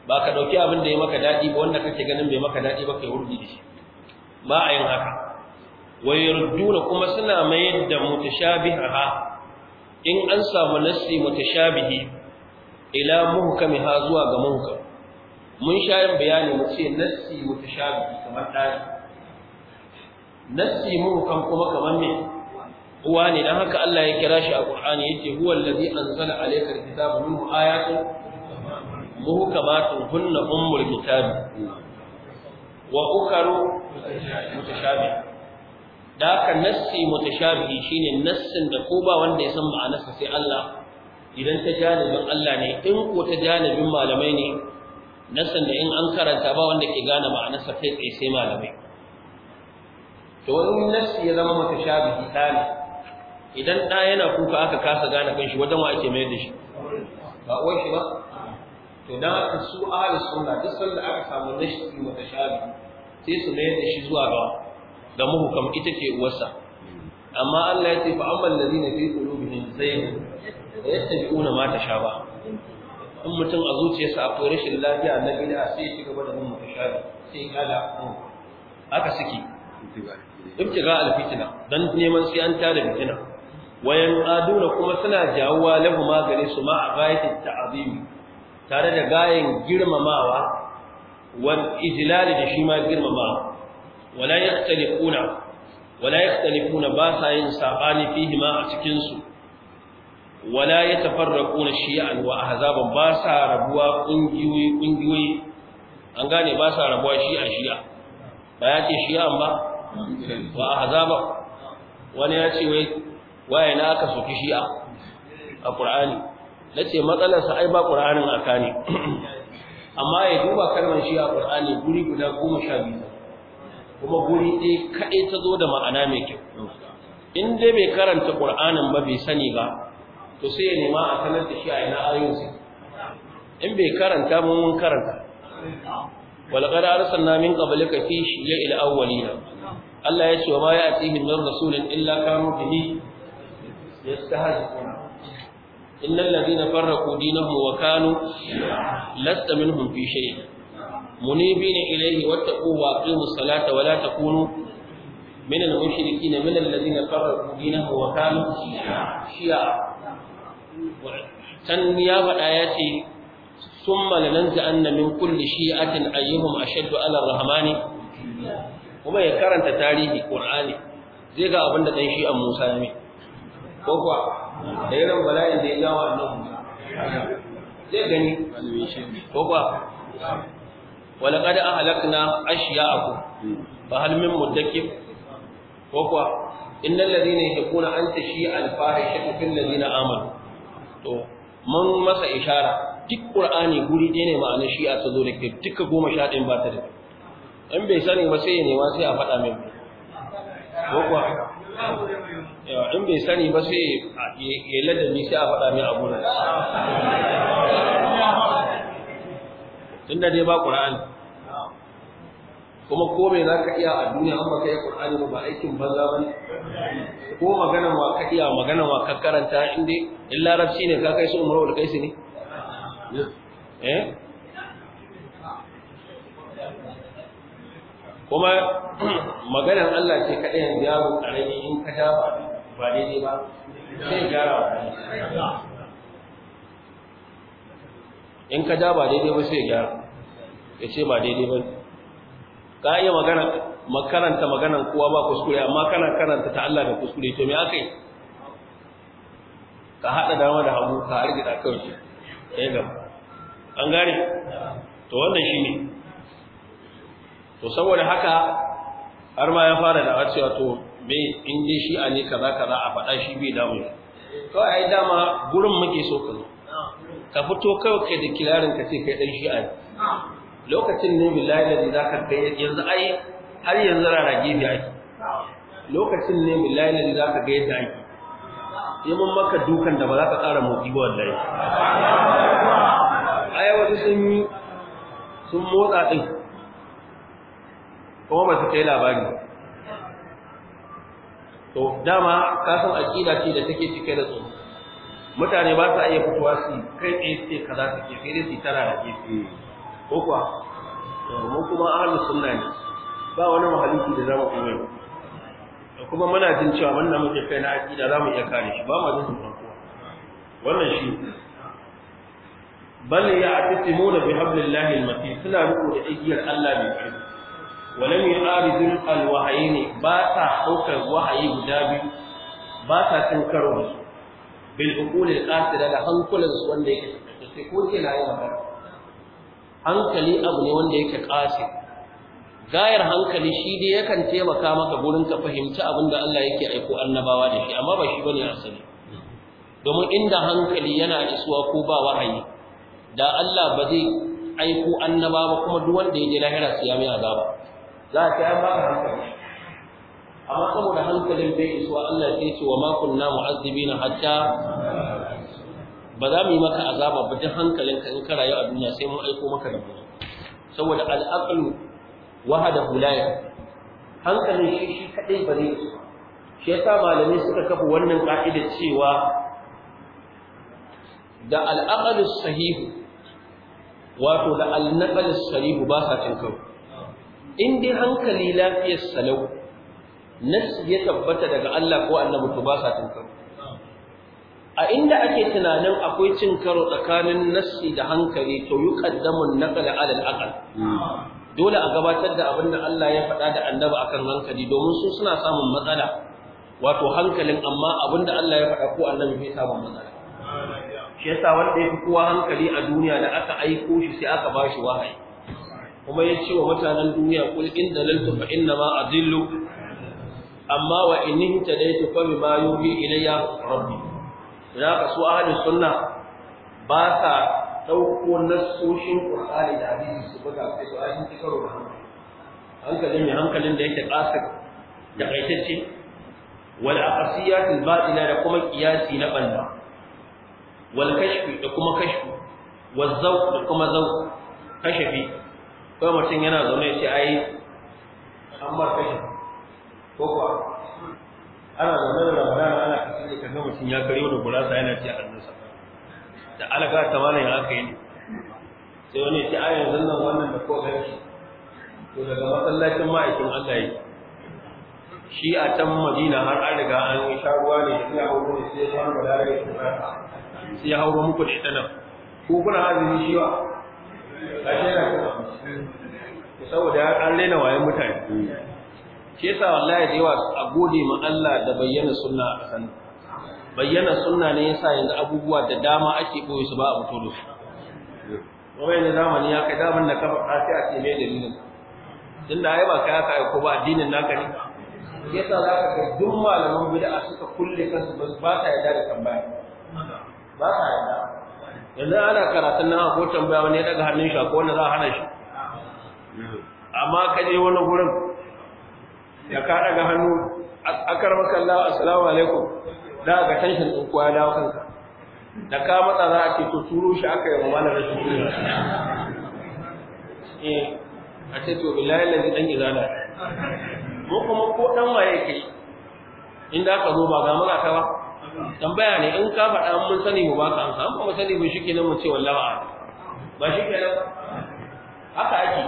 Speaker 1: ba ka ɗauki abin da ya maka daɗi ba wanda kake ganin bai maka daɗi ba kai wurdi da shi ba a yin haka wa yarduna kuma suna mayar da mutashabiha in an samu nassi mutashabihi ila muhkamiha zuwa ga muhkam mun sha yin bayani mu ce nassi mutashabihi kamar dai nassi muhkam kuma kamar me uwa ne dan haka Allah ya kira shi a Qur'ani yace huwa allazi anzala alayka alkitaba minhu ayatun muhkamatun hunna ummul kitabi wa ukaru mutashabiha da haka nassi mutashabihi shine nassin da ko ba wanda ya san ma'anarsa sai Allah idan ta janibin Allah ne in ko ta janibin malamai ne nassin da in an karanta ba wanda ke gane ma'anarsa kai tsaye sai malamai to wani nassi ya zama mutashabihi tsani idan da yana kuka aka kasa gane kanshi wajen wa ake mayar da shi ba uwar shi ba to dan haka su ahli sunna duk sanda aka samu nashti mutashabi sai su mai da shi zuwa ga ga muhukam ita ke uwarsa amma Allah ya ce fa amman ladina fi qulubihim zayg yattabi'una ma tashaba in mutum a zuciyarsa akwai rashin lafiya na bid'a sai ya ci gaba da mun mutashabi sai ya kala haka suke ibtiga alfitna dan neman sai an tada fitina wayan aduna kuma suna jawuwa lahu ma gare su ma a gayatin tare da gayin girmamawa wal ijlal da shi ma girmamawa wala yakhtalifuna wala kuna ba sa yin sabani fihi ma a cikin su wala yatafarraquna shi'an wa ahzaban ba sa rabuwa kungiyoyi kungiyoyi an gane ba sa rabuwa a shi'a ba ya ce shi'an ba wa ahzaban wani ya ce wai waye na aka soki shi'a a qur'ani na ce matsalarsa ai ba ƙur'anin aka ne amma ya duba kalmar shi a ƙur'ani guri guda goma sha biyu kuma guri ɗaya kaɗai ta zo da ma'ana mai kyau in dai bai karanta ƙur'anin ba bai sani ba to sai ya nema a sanar da shi a ina ayoyin sai in bai karanta mun mun karanta walaqad arsalna min qablika fi shiyya'il awwalin Allah ya ce wa ma ya'tihim min rasulin illa kanu bihi
Speaker 3: yastahzi'un
Speaker 1: innal ladina farraqu dinahum wa kanu lasta minhum fi shay munibina ilayhi wattaquhu wa aqimus salata من المشركين من الذين فرقوا دينهم وكانوا شيعا can ya faɗa ya ce sun malalanta an na min kulli shi'atin ayyuhum ashaddu ala rahmani kuma ya karanta tarihi qur'ani zai ga abin da dan shi'an Musa ya ko kuwa da irin bala'in da ya jawo annabi Musa zai gani ko kuwa wala qad ahlakna ashya'akum fa hal min muddakir ko kuwa innal ladina yaquna anta shi'a al-fahishatu fil ladina amanu to mun masa ishara duk qur'ani guri ɗaya ne ma'anar shi'a ta zo da ke duka goma sha ɗin ba ta da in bai sani ba sai ya nema sai a faɗa mai
Speaker 2: ko kuwa in bai sani ba
Speaker 1: sai ya ladabi sai a faɗa mai abu na tunda dai ba ƙura'ani kuma ko mai za ka iya a duniya an baka yi ƙur'ani ba aikin banza ba ko magana ma ka iya magana ma ka karanta inda in larabci ne ka kai su umaru da kai su ne eh? kuma maganar Allah ce kaɗai yanzu yaro ƙarami in ka dafa ba daidai ba sai gyara wa in ka ja ba daidai ba sai gyara ya ce ba daidai ba ka iya magana makaranta maganan kowa ba kuskure amma kana karanta ta Allah da kuskure to me aka yi ka haɗa dama da hagu ka hargita kawai sai gaba an gane to wannan shi ne to saboda haka har ma ya fara da cewa to me in dai shi a ne kaza kaza a faɗa shi bai damu kawai ai dama gurin muke so ka zo ka fito kawai kai da kilarin ka ce kai dan shi'a ne lokacin ne billahi da ka kai yanzu ai har yanzu rarage bi ake lokacin ne billahi da ka ga yadda ake yi mun maka dukan da ba za ka tsara motsi ba wallahi ai wasu sun yi sun motsa din kuma ba su kai labari to dama san aqida ce da take cike da tsoro mutane ba sa iya fitowa su kai tsaye sai kaza ke sai dai su tara da gefe ko kuwa to mu kuma ahlus sunna ne ba wani mahaluki da zamu koyar kuma muna jin cewa wannan muke kai na aqida zamu iya kare shi ba ma jin tsoron kowa wannan shi bal ya atisimuna bi hablillahi almatin suna ruku da igiyar Allah ne walam yu'aridul alwahayin ba ta daukar wahayi guda biyu ba ta cin karo da su bil uqulil qasira da hankulan su wanda yake sai ko ke na yana hankali abu ne wanda yake qasir gayar hankali shi dai yakan taimaka maka gurin ka fahimci abin da Allah yake aiko annabawa da shi amma ba shi bane asali domin inda hankali yana isuwa ko ba wahayi da Allah ba zai aiko annaba ba kuma duk wanda ya je lahira su ya mai azaba za ta yi mara hankali amma saboda hankalin bai isuwa Allah ya ce wa ma kunna mu'azzibina hatta ba za mu yi maka azaba ba duk ka in ka rayu a duniya sai mun aiko maka da mu saboda al'aqlu wahadahu hulaya, hankalin shi shi kadai ba zai shi yasa malamai suka kafa wannan ka'ida cewa da al'aqlu sahihu wato da al-naqlu sahihu ba sa cin karo in dai hankali lafiyar salau na ya tabbata daga Allah ko annabi to ba sa cin karo a inda ake tunanin akwai cin karo tsakanin nasi da hankali to yi kaddamun naql 'ala al dole a gabatar da abin da Allah ya faɗa da annabi akan hankali domin su suna samun matsala wato hankalin amma abin da Allah ya faɗa ko annabi bai samun matsala shi yasa wanda ya fi kowa hankali a duniya da aka aiko shi sai aka ba shi wahayi kuma ya ce wa mutanen duniya kul in dalaltu fa inna ma adillu amma wa in ihtadaytu fa bima yuhi ilayya rabbi da ka so ahlus sunna ba sa dauko nassoshin qur'ani da hadisi su buga sai su ayin karo da hankali hankalin ne hankalin da yake kasar da kaitacce wal aqsiyatul batila da kuma qiyasi na banda wal kashfi da kuma kashfi wal zawq da kuma zawq kashafi kawai mutum yana zaune ya ce yi an
Speaker 2: bar kashe ko kuwa
Speaker 1: ana zaune da ramadana ana kashe da kanga mutum ya karyo da gurasa yana ce a hannunsa da alaka ta mana ya aka yi sai wani ce a yanzu nan wannan da ko ganshi to daga matsalacin ma'aikin Allah yi. shi a can madina har an riga an yi sharuwa ne sai ya hauro ne sai ya hauro da ya sai ya hauro muku da ita nan ko kuna hajji shi ba saboda an raina wayan mutane ke sa wallahi da yawa a gode ma Allah da bayyana sunna a kasan bayyana sunna ne yasa yanzu abubuwa da dama ake boye su ba a fito
Speaker 3: da su kuma yanzu zamani ya
Speaker 1: kai daman da kafa kasi a ce mai dalilin tunda ai ba kai aka aiko ba addinin naka ne sa za ka ga duk malaman bid'a suka kulle kansu ba sa yarda da tambaya ba sa yarda yanzu ana karatun nan ko tambaya wani ya daga hannun shi ko wanda za a hana shi amma ka je wani gurin ya ka daga hannu akar maka Allah assalamu alaikum da ga tanshin din kuwa da kanka da ka matsa za a ce to turo shi aka yi da shi turo eh a ce to billahi lazi dan izala ko kuma ko dan waye kai inda ka zo ba ga muna ta ba tambaya ne in ka faɗa mun sani mu ka amsa an kuma sani mu shike nan mu ce wallahi ba ba shike nan haka ake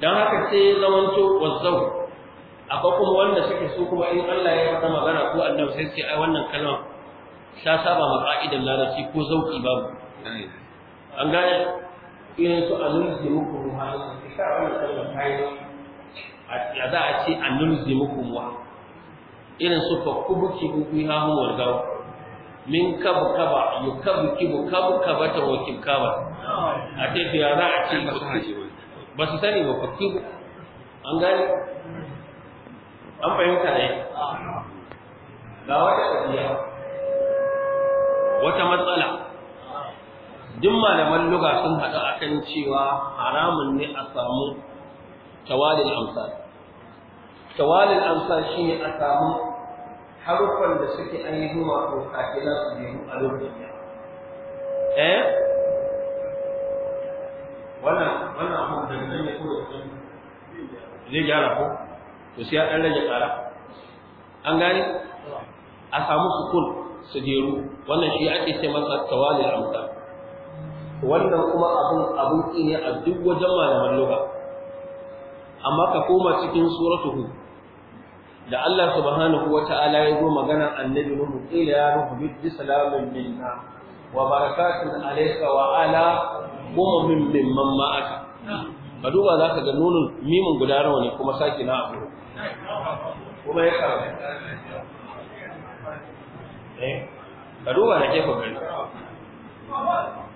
Speaker 1: dan haka sai zamanto wazzau akwai kuma wanda suke so kuma in Allah ya faɗa magana ko Allah sai ce ai wannan kalma sha saba ma ka'idar larabci ko zauki babu an gane irin su ruwa, sai ka wannan kalma ta yi a za a ce annun anulzimukum ruwa. irin su fa kubuki buku ya hu warga min kabu kaba yu kabu kibu kabu kaba ta wakin kaba a ce da ya za a ce ba su sani ba fa kibu an gane an fahimta ne ga wata tafiya wata matsala duk malaman luga sun haɗu akan cewa haramun ne a samu tawadin amsal tawalin amsar shi ne a samu haruffan da suke ainihin wato kafila su nemi a lokacin ya eh wannan wannan abu da nan ya
Speaker 3: kuro zai
Speaker 1: gyara ko to sai an rage tsara an gane a samu sukun su jeru wannan shi ake ce masa tawalin amsar wannan kuma abun abun ne a duk wajen malaman lugha amma ka koma cikin suratu hud da Allah subhanahu wa ta'ala ya zo maganar annabi Nuhu qila ya Nuhu bi salamin minna wa barakatun alayka wa ala umamin mimman ma'aka ka duba za ka ga nunin mimin guda nawa ne kuma saki na abu
Speaker 2: kuma ya karanta
Speaker 1: eh ka duba da ke gani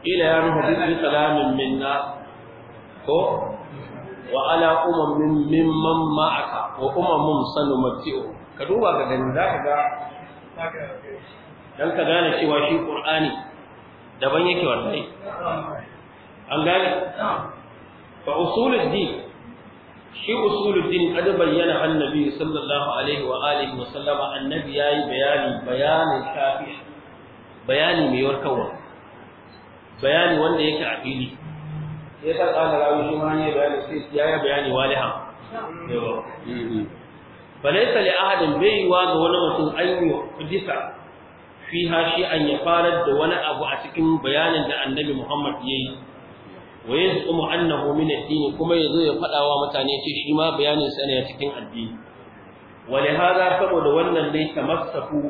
Speaker 2: ila ya Nuhu bi salamin
Speaker 1: minna ko وعلى أمم ممن معك وأمم سنمتئه كدوبا كدن ذاك
Speaker 2: dan ka gane cewa shi
Speaker 1: Qur'ani daban yake wallahi an gane fa usuluddin shi usuluddin kad bayyana annabi sallallahu alaihi wa alihi wa sallama annabi yayi bayani bayanin shafi bayani mai warkarwa bayani wanda yake a fili ya sa kana rawi shi ma ne bayani sai ya yi bayani waliha yawa mm-hmm. falaysa ahadin bai wa ga wani mutum an yi hudisa fiha shi an ya farar da wani abu a cikin bayanin da annabi Muhammad yayi wa yazmu annahu min ad-din kuma zo ya faɗawa wa mutane ce shi ma bayanin sa ne a cikin addini haza saboda wannan ne tamassaku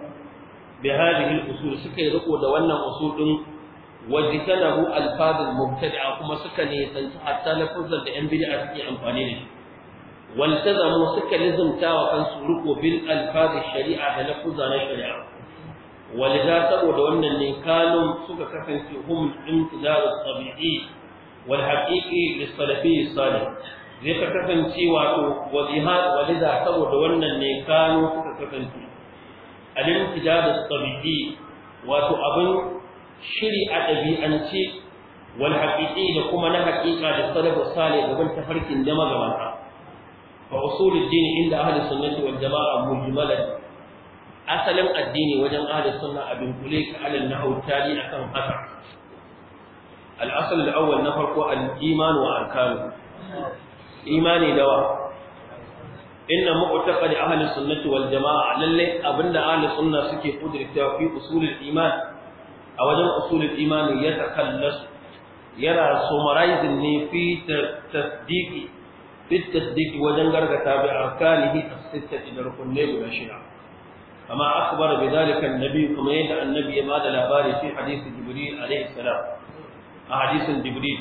Speaker 1: bi hadhihi usul suka yi riko da wannan usul din wajtanahu alfadul mubtadi'a kuma suka ne sanci hatta lafazan da yan bid'a suke amfani da shi waltazamu suka lizumta wa kansu ruko bil alfadul shari'a da lafuzza na shari'a walida saboda wannan ne kanun suka kasance hum imtidar tabi'i wal haqiqi lis salafi salih zai ka kasance wato wajihad walida saboda wannan ne kanun suka kasance al imtidar tabi'i wato abin shiri a ɗabi'ance wal haqiqi da kuma na haƙiƙa da salafu salih gaban tafarkin ga magabata A usulul din inda ahli sunnati wal jama'a mujmalan asalin addini wajen ahli sunna abin kule ka alal nahwu a kan haka al asl awwal na farko al iman wa arkanu imani dawa inna da ahalin sunnati wal jama'a lallai abinda ahli sunna suke kudirta fi usulul iman a wajen usulul imani ya takallasu yana summarizing ne fi tasdiqi fi tasdiqi wajen gargata bi arkanihi as-sittati da rukunne guda shida kama akbar bi zalika annabi kuma yadda annabi ya bada labari fi hadisi jibril alaihi salam a hadisin jibril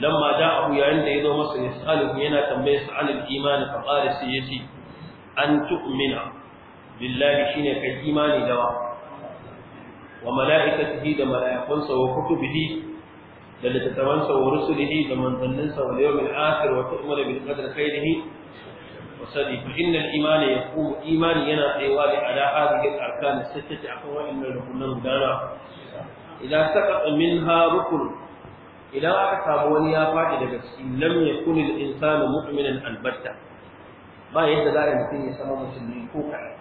Speaker 1: lamma ja'ahu yayin da yazo masa yasalu yana tambaye sa anil imani fa qala sayyidi an tu'mina billahi shine kai imani dawa wa mala'ikatihi da mala'ikunsa wa kutubihi da littattafansa wa rusulihi da manzanninsa wa yawmil akhir wa tu'minu bil qadri khairihi wa sadi fa innal imani yaqumu imani yana tsayawa da ala hadhihi al arkan sittati akan wa'annan rukunan gudana idan saqata minha rukun idan aka samu wani ya faɗi daga cikin lam yakun al insanu mu'minan albatta ba yadda za a mutum ya sama ko kaɗan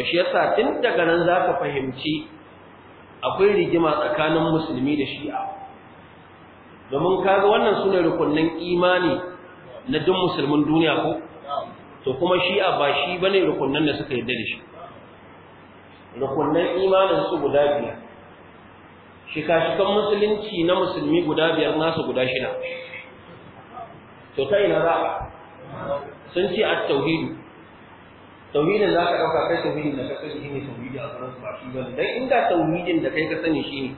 Speaker 1: yasa tun nan za ka fahimci akwai rigima tsakanin musulmi da shi'a domin kaga wannan sune rukunnan imani na duk musulmin duniya ko to kuma shi'a ba shi bane rukunnan da suka yarda da shi rukunnan imanin su guda biyar shika-shikan musulunci na musulmi guda biyar nasu guda shida to ta ina za sun ce at-tauhidu tauhidin za ka ɗauka kai tauhidin da ka sani shi ne tauhidi a gurin ba shi bane dan inda tauhidin da kai ka sani shi ne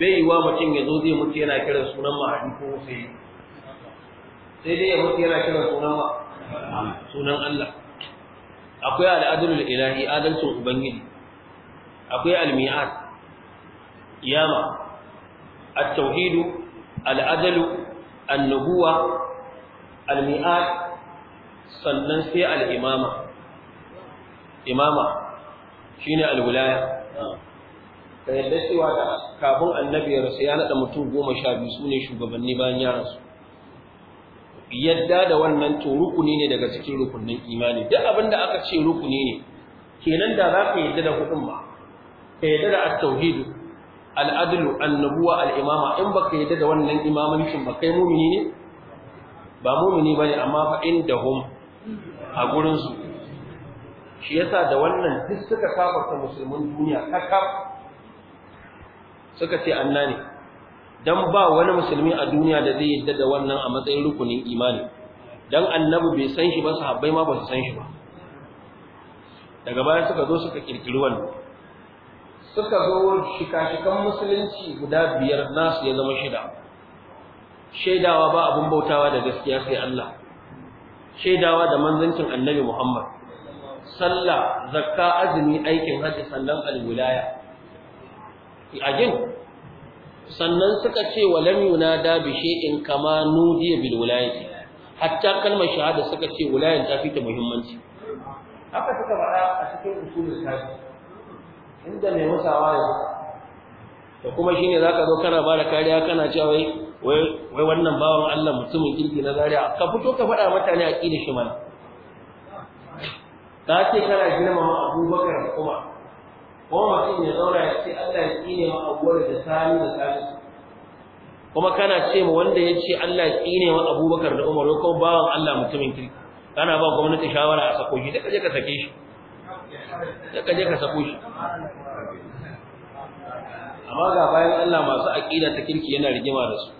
Speaker 1: bai yi wa mutum ya zo zai mutu yana kiran sunan mahadi ko sai sai dai ya mutu yana kiran sunan ma sunan Allah akwai al'adul ilahi adalcin ubangiji akwai al-mi'at yama at-tauhid al an-nubuwa al miad sannan sai al-imama imama shine alwilaya ka yadda cewa da kafin annabi ya rasu ya naɗa mutum goma sha biyu su ne shugabanni bayan ya rasu yadda da wannan to rukuni ne daga cikin rukunin imani duk abin da aka ce rukuni ne kenan da za ka yadda da hudun ba ka yadda da at-tauhid al-adl an-nubuwa al-imama in baka yadda da wannan imamancin ba kai mu'mini ne ba mu'mini bane amma fa hum a gurin shi yasa da wannan duk suka kafarta musulmin duniya kakaf suka ce Allah ne dan ba wani musulmi a duniya da zai yadda da wannan a matsayin rukunin imani dan annabi bai san shi ba sahabbai ma ba su san shi ba daga baya suka zo suka kirkiri wannan suka zo shika-shikan musulunci guda biyar nasu ya zama shida shaidawa ba abun bautawa da gaskiya sai Allah shaidawa da manzancin annabi Muhammad sallah zakka azumi aikin hajji sannan alwilaya ajin sannan suka ce walam yunada bi shay'in kama nudiya bil wilayati hatta kalmar shahada suka ce wilayan ta fita muhimmanci haka suka faɗa a cikin usulul kafi inda mai musawa ne da kuma shine zaka zo kana da kariya kana cewa wai wai wannan bawan Allah mutumin kirki na zaria ka fito ka faɗa mutane aqidar shi mana ka ce kana girma ma abubakar kuma kuma mutum ya zaura ya ce Allah ya kine ma abuwar da sami da sami kuma kana ce ma wanda ya ce Allah ya tsine ma abubakar da umar ko bawan Allah mutumin kirki kana ba gwamnati shawara a sako shi da kaje ka sake shi
Speaker 2: da kaje ka sako shi amma ga bayan Allah masu
Speaker 1: aqida ta kirki yana rigima da su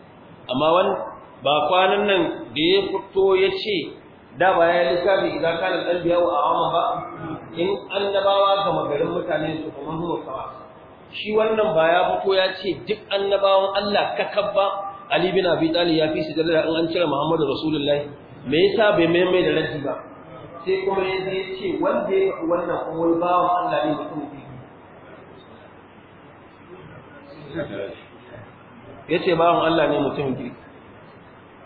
Speaker 1: amma wani ba kwanan nan da ya fito ya ce da ba ya lissafi idan kana biya wa awama ba in annabawa ga magarin mutane su kuma huwa kawa shi wannan ba ya fito ya ce duk annabawan Allah kakabba Ali bin Abi Talib ya fi shi dalila in an cire Muhammadu Rasulullahi me yasa bai maimai da raddi ba sai kuma ya zai ce wanda ya yi wannan kuma ya bawan Allah ne mutum ya ce bawan Allah ne mutumin kirki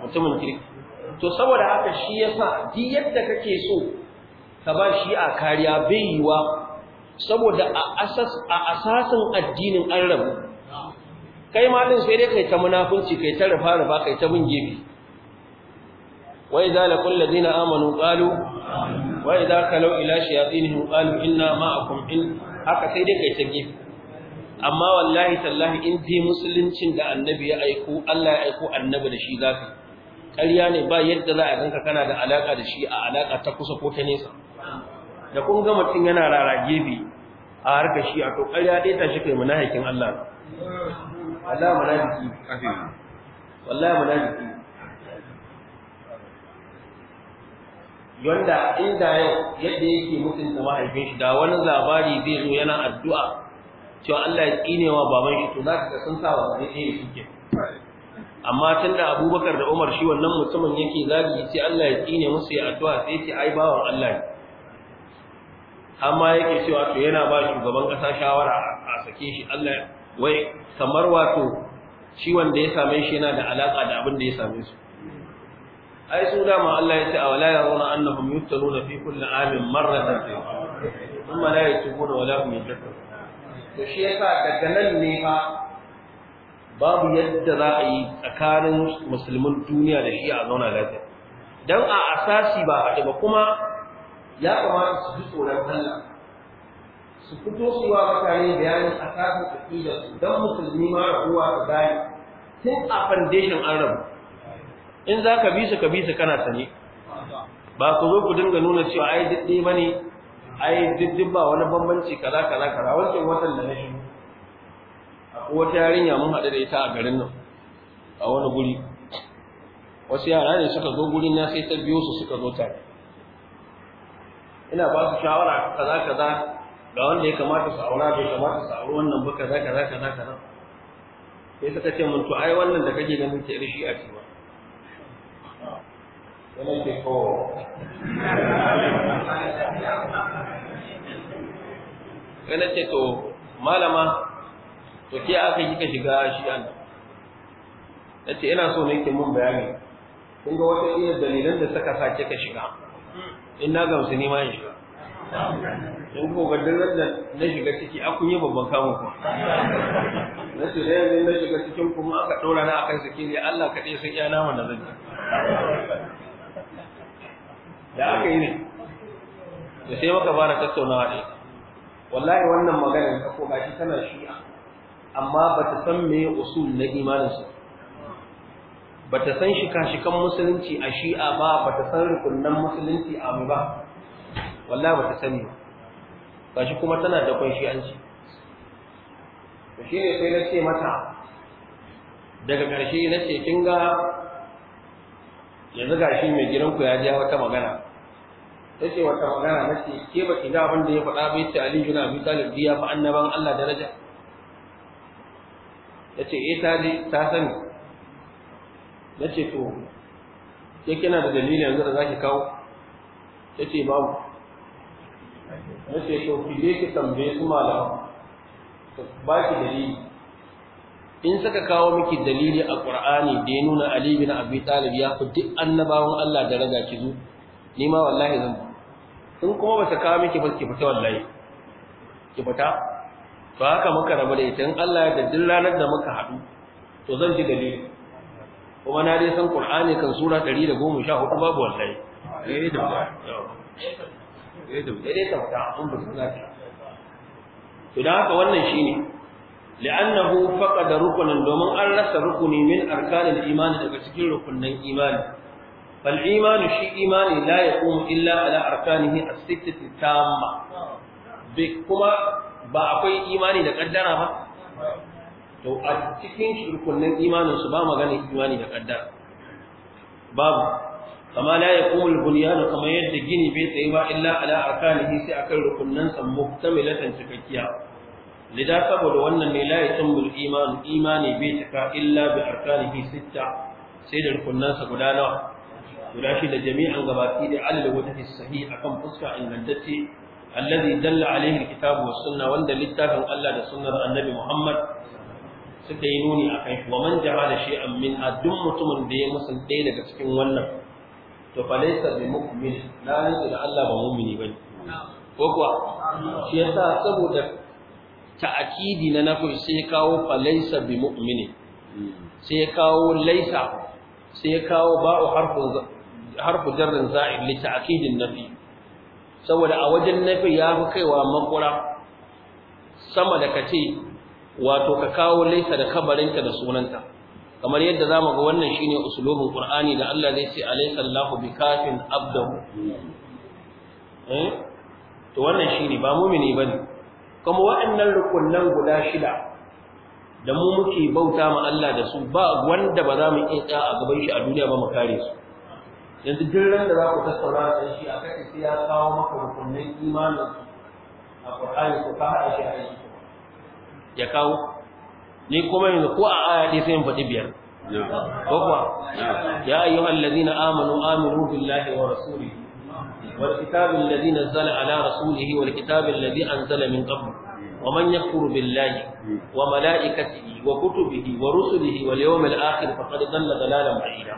Speaker 1: mutumin kirki to saboda haka shi yasa duk yadda kake so ka ba shi a kariya bai yiwa saboda a asas a asasin addinin an rabu kai ma din sai dai kai ta munafunci kai ta rufa rufa kai ta bin gefe wa idza laqul ladina amanu qalu wa idza kalu ila shayatinihim qalu inna ma'akum in haka sai dai kai ta gefe amma wallahi tallahi in fi musuluncin da annabi ya aiko Allah ya aiko annabi da shi zafi ƙarya ne ba yadda za a ganka kana da alaƙa da shi a alaƙa ta kusa ko ta nesa da kun ga mutum yana rara gefe a harka shi a to ƙarya ɗaya ta shi kai munafikin Allah Allah munafiki wallahi munafiki yanda inda yadda yake mutunta mahaifin shi da wani labari zai zo yana addu'a cewa Allah ya tsinewa baban shi to zaka ga sun sa wa zai ɗaya shi kenan amma tun da abubakar da umar shi wannan mutumin yake zagi yace Allah ya tsine musu ya addu'a sai yace ai bawan Allah ne amma yake cewa to yana ba shugaban kasa shawara a sake shi Allah wai kamar wato shi wanda ya same shi yana da alaka da abin da ya same su
Speaker 2: ai su dama Allah ya ce a wala
Speaker 1: yarawna annahum yuftanuna fi kulli amin marratan amma la yatubuna wala hum yattaqun
Speaker 4: to shi yasa daga nan ne
Speaker 2: fa
Speaker 1: babu yadda za a yi tsakanin musulmin duniya da shi a zauna lafiya don a asasi ba a ba kuma ya kamata su ji tsoron Allah su fito su wa mutane bayanin asasin aƙidar su don musulmi ma ruwa da gani tun a foundation an rabu in za ka bi su ka bi su kana sane ba ku zo ku dinga nuna cewa ai duk ɗaya bane ai duk ba wani bambanci kaza kaza kaza wancan watan da na shi wata yarinya mun haɗu da ita a garin nan a wani guri wasu yara ne suka zo guri na sai ta biyo su suka zo tare ina ba su shawara kaza kaza ga wanda ya kamata su aura bai kamata su auri wannan ba kaza kaza kaza kaza sai suka ce mun to ai wannan da kake ganin ke rishi a cewa yana ce ko ce to malama to ke aka yi ka shiga shi an na ce ina so ne ke mun bayani kun ga wata iya dalilan da suka sa ka shiga in na gamsu ni ma in shiga in ko ga dalilan da na shiga ciki a kun yi babban kamu ko na ce da yanzu na shiga cikin kuma aka ɗora na akan ne Allah kaɗai sun iya nama da zan da aka yi ne da sai maka fara tattaunawa ne wallahi wannan maganar ka ko shi tana shi'a amma bata san me usul na ba bata san shika-shikan musulunci a shi'a ba ta san rukunnan musulunci a mu ba wallahi ta sani ba shi kuma tana da kun shi'anci shi ne sai na ce mata daga ƙarshe na ce kin ga yanzu gashi mai gidanku ya ji wata magana ta ce wata magana na ce ke ba ki ga abin da ya faɗa bai ce aliyu na misalin talib fa annaban allah daraja yace eh ta ji ta sani nace to ke kina da dalili yanzu da zaki kawo yace babu nace to ki je ki tambaye su malama ba ki dalili in suka kawo miki dalili a Qur'ani da ya nuna Ali bin Abi Talib ya fi duk annabawan Allah daraja ki zo ni ma wallahi zan in kuma ba ta kawo miki ba ki fita wallahi ki fita to haka muka rabu da ita Allah ya da ranar da muka haɗu to zan ji dalili kuma na dai san Qur'ani kan sura 114 babu wallahi eh da eh da eh da ta an ba suna to da haka wannan shine li'annahu faqada rukunan domin an rasa rukuni min arkanil imani daga cikin rukunnan imani fal imanu shi imani la yaqumu illa ala arkanihi as-sittati tamma bi kuma ba akwai imani da kaddara ba to a cikin rukunin imanin su ba maganin imani da kaddara babu kama la yaqumu al-bunyan kama yadda gini bai tsaye ba illa ala arkanihi sai akan rukunnan sa muktamilatan cikakkiya lida saboda wannan ne la yatamul iman imani bai cika illa bi arkanihi sitta sai da rukunnan sa guda nawa guda shi da jami'an gabaki da alal wata sahiha akan fuska ingantacce alladhi dalla alaihi alkitabu was sunna wanda littafin Allah da sunnar annabi Muhammad suka yi nuni akan wa man jahada shay'an min adun mutumin da ya musul ɗaya daga cikin wannan
Speaker 3: to fa laysa bi mu'min la yanzu da Allah ba mu'mini bane ko
Speaker 1: kuwa shi yasa saboda ta'akidi na sai kawo falaisa bi sai kawo laisa sai kawo ba'u nafi saboda a wajen nafi ya fi kaiwa makura sama da kace wato ka kawo laisa da kabarinta da sunanta kamar yadda zamu ga wannan shine usulubin qur'ani da Allah zai ce alaysa Allahu bikafin abdahu eh to wannan shine ba mu'mini bane kuma waɗannan rukunan guda shida da mu muke bauta ma Allah da su ba wanda ba za mu iya tsaya a gaban shi a duniya ba mu kare su yanzu duk ran da za ku tattauna
Speaker 2: da shi a kai sai ya kawo maka rukunin imanin a Qur'ani ko ka haɗa shi a aiki
Speaker 1: ya kawo ni kuma yanzu ko a aya ɗaya sai in faɗi biyar ko kuwa ya ayyuhal ladina amanu aminu billahi wa rasulihi والكتاب الذي نزل على رسوله والكتاب الذي أنزل من قبل ومن يكفر بالله وملائكته وكتبه ورسله واليوم الآخر فقد ضل ضلالا بعيدا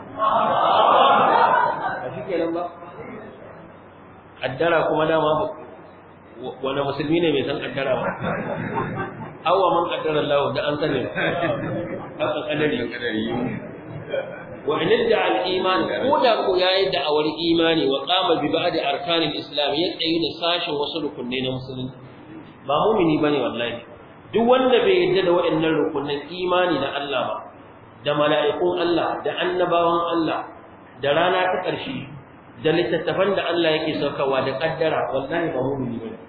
Speaker 1: أفكي لما أدرى كما دام وانا مسلمين ميسان أدرى أو من أدرى الله ده أنسان أقل أدري
Speaker 4: وإن ادعى الإيمان كودا
Speaker 1: كويا يدعى الإيمان وقام ببعض أركان الإسلام يدعي لساشا وصل كلنا مسلمين ba mumini bane wallahi duk wanda bai yarda da waɗannan rukunin imani na Allah ba da mala'ikun Allah da annabawan Allah da rana ta ƙarshe da littattafan da Allah yake saukawa da kaddara wallahi ba mumini bane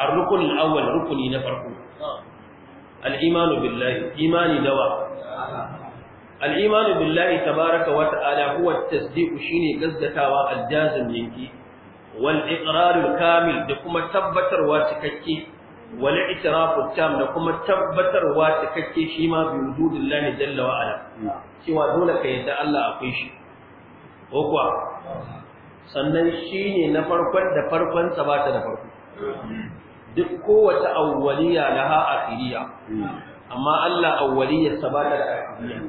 Speaker 1: ar-rukun al-awwal rukuni na farko al-imanu billahi imani dawa al-imanu billahi tabaaraka wa ta'ala huwa at-tasdiq shine gaskatawa al-jazm yanki wal iqrarul kamil da kuma tabbatarwa cikakke wal i'tirafu tam da kuma tabbatarwa cikakke shi ma bi wujudillahi jalla wa ala cewa dole ka yadda Allah akwai shi ko kuwa sannan ne na farkon da farkon sabata ba da farko duk kowace awwaliya laha akhiriya amma Allah awwaliyar sa ba ta da akhiriya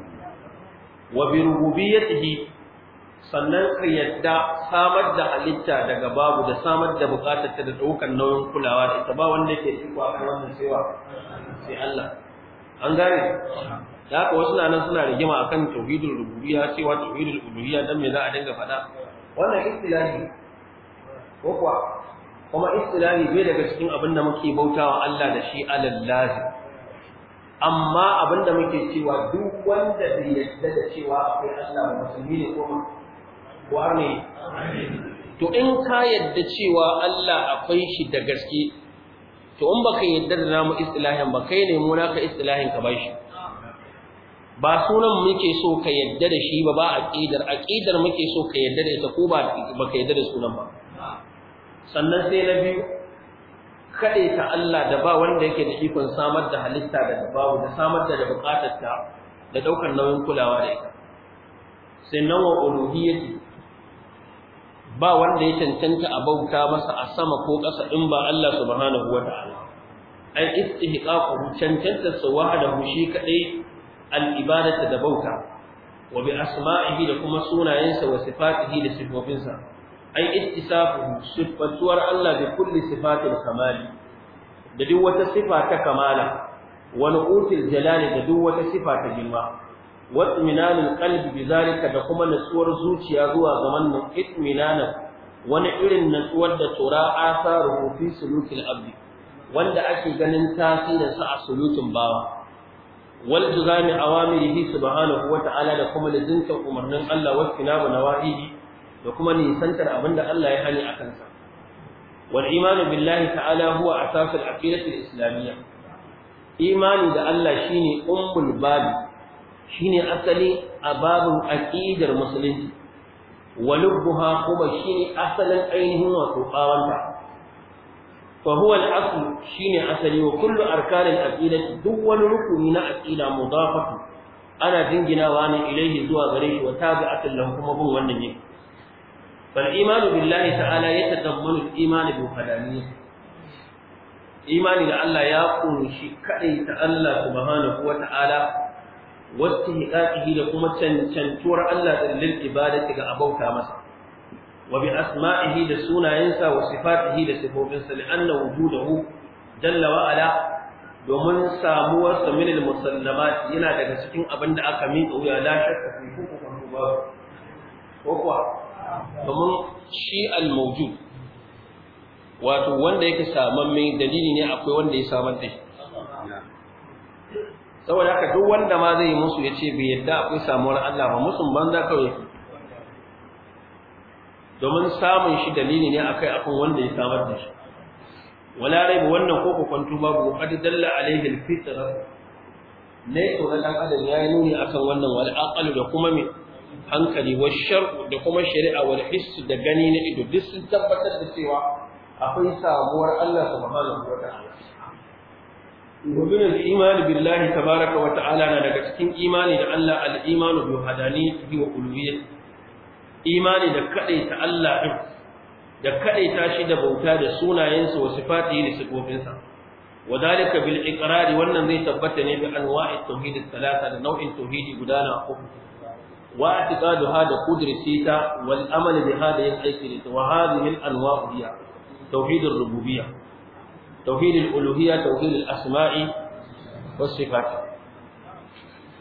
Speaker 1: wa bi rububiyyatihi sannan ka yadda samar da halitta daga babu da samar da bukatar ta da dukkan nauyin kulawa da ita ba wanda ke cikuwa akan wannan cewa sai Allah an gane da haka wasu na nan suna rigima akan tauhidul rububiyya cewa tauhidul uluhiyya dan me za a dinga faɗa wannan istilahi ko kuwa kuma istilahi bai daga cikin abin da muke bautawa Allah da shi alallahi amma abin da muke cewa duk wanda bai yarda da cewa akwai Allah musulmi ne ko Wa ne? to in ka yadda cewa Allah akwai shi da gaske to in baka yadda da namu istilahin ba kai ne mu naka istilahin ka bashi ba sunan muke so ka yadda da shi ba ba aqidar aqidar muke so ka yadda da ita ko ba baka yadda da sunan ba sannan sai na biyu kade ta Allah da ba wanda yake da ikon samar da halitta da babu da samar da bukatar ta da daukar nauyin kulawa da ita sai nawa uluhiyyati ba wanda ya cancanta a bauta masa a sama ko ƙasa in ba Allah subhanahu wa ta'ala an istihqaqu cancanta su wahdahu shi kadai al-ibadatu da bauta wa bi asma'ihi da kuma sunayensa wa sifatihi da sifofinsa ay ittisafuhu sifatuwar Allah bi kulli sifatil kamali da duk wata sifa ta kamala wa nuqutil jalali da duk wata sifa ta girma watminanul qalbi bizalika da kuma natsuwar zuciya zuwa zaman wannan itminana wani irin natsuwar da tura asaru fi sulukil abdi wanda ake ganin tasirin sa a sulukin bawa wal juzami awamirihi subhanahu wata'ala da kuma lizinta umarnin Allah wa kinabu nawahihi da kuma nisantar abinda Allah ya hani a kansa. wal imanu billahi ta'ala huwa asasul aqidatil islamiyya imani da Allah shine ummul babi shine asali a babin aqidar musulunci walubbuha kuma shine asalin ainihin wato bawanta fa huwa al-asl shine asali wa kullu arkan al-aqidati duk wani rukuni na aqida mudafatu ana jinginawa ne ilaihi zuwa gare shi wa tabi'atul lahu kuma bin wannan ne fal iman billahi ta'ala yatadammanu al-iman bi qadamiyyah imani da Allah ya kunshi kadai ta Allah subhanahu wa ta'ala واستحقاقه لكم تنتور الله للعبادة كأبوتا مسا وبأسمائه لسونا ينسى وصفاته لسفوف لأن وجوده جل وعلا domin samuwarsa min al-musallamat yana daga cikin abin da aka miƙa wuya la shakka fi ko kuma ko domin shi al-mawjud wato wanda yake samamme dalili ne akwai wanda ya samar da shi saboda haka duk wanda ma zai yi musu ya ce bai yadda akwai samuwar Allah ba musun banza kawai domin samun shi dalili ne akai akan wanda ya samar da shi wala rai wannan ko ko kwantu babu qad dalla alaihi alfitra ne to dan adam ya yi nuni akan wannan wal aqal da kuma me hankali wa sharu da kuma shari'a wal hiss da gani na ido duk sun tabbatar da cewa akwai sabuwar Allah subhanahu wa ta'ala Rubin imani billahi tabaraka wa ta'ala na daga cikin imani da Allah al'imanu bi hadaniyatihi wa uluhiyyati imani da kadaita Allah din da kadaita shi da bauta da sunayensa wa sifatihi da sifofinsa وذلك بالإقرار wannan zai tabbata ne bi anwa'i tauhid al-thalatha da nau'in tauhidi gudana uku wa i'tiqaduha da qudrati ta wal amal biha da yin aiki da ta wa hadhihi al-anwa'u hiya tauhid ar-rububiyyah tauhidul uluhiyya tauhidul asma'i was sifat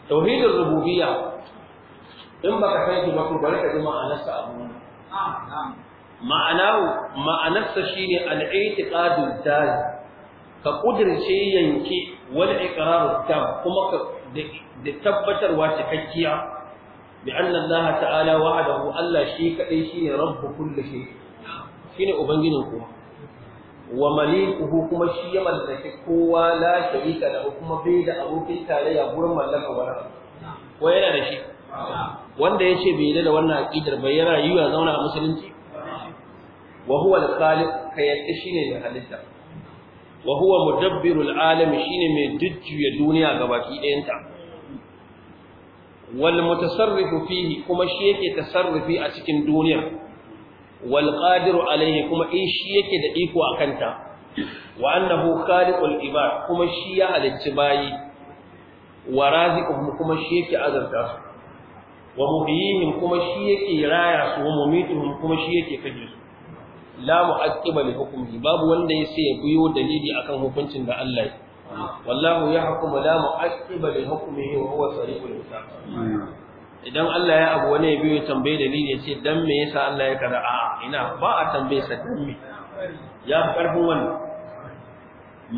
Speaker 1: tauhidul rububiyya in baka san shi ba ku bari ka ji ma'anarsa abu ma'anahu ma'anarsa shine al-i'tiqadul dal ka kudirce yanki wal iqraru tam kuma ka da tabbatarwa cikakkiya bi anna Allah ta'ala wa'adahu Allah shi kadai shine rabbu kulli shine ubangijin kowa wa malikuhu kuma shi ya mallaki kowa la sharika da kuma bai da abokin tarayya gurin mallaka wani ko yana da shi wanda ya ce bai da wannan aqidar bai yana yiwa zauna a musulunci wa huwa al-khaliq kai shine da halitta wa huwa mudabbirul alami shine mai jujjuya duniya gabaki ɗayanta wal mutasarrifu fihi kuma shi yake tasarrufi a cikin duniya wal qadiru alaihi kuma in shi yake da iko akan ta wa annahu khaliqul ibad kuma shi ya halicci bayi wa raziquhum kuma shi yake azarta su wa muhyihim kuma shi yake raya su wa mumituhum kuma shi yake kaje su la mu'aqqiba li hukmihi babu wanda ya sai ya biyo dalili akan hukuncin da Allah ya wallahu yahkumu la mu'aqqiba li hukmihi wa huwa sariqul hisab
Speaker 3: idan Allah ya abu
Speaker 1: wani ya biyo ya tambaye dalili ya ce dan me yasa Allah ya kada a'a ina ba a tambaye sa dan me ya fi karfin wannan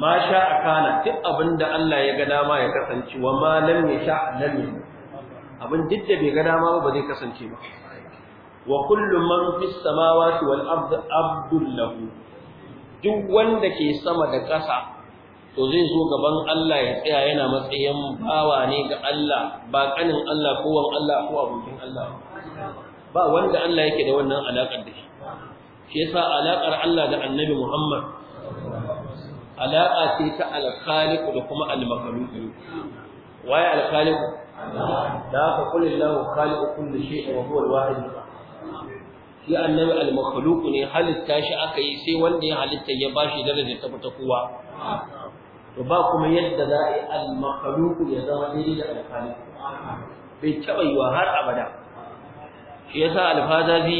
Speaker 1: ma sha akana duk abinda Allah ya ga dama ya kasance wa ma lam yasha lam abin duk da bai ga dama ba zai kasance ba wa kullu man fis samawati wal ardi abdul duk wanda ke sama da ƙasa to zai zo gaban Allah ya tsaya yana matsayin bawa ne ga Allah ba kanin Allah ko wan Allah ko abokin Allah ba wanda Allah yake da wannan alakar da shi shi yasa alakar Allah da Annabi Muhammad alaka ce ta al-khaliq da kuma al-makhluq waye al-khaliq da ka kulli lahu khaliq kulli shay'in wa huwa al-wahid shi annabi al-makhluq ne halitta shi aka yi sai wanda ya halitta ya bashi darajar ta kowa to ba kuma yadda za a yi almakaluku ya zama daidai da alfaliku bai taɓa yiwa har abada shi ya sa alfazazi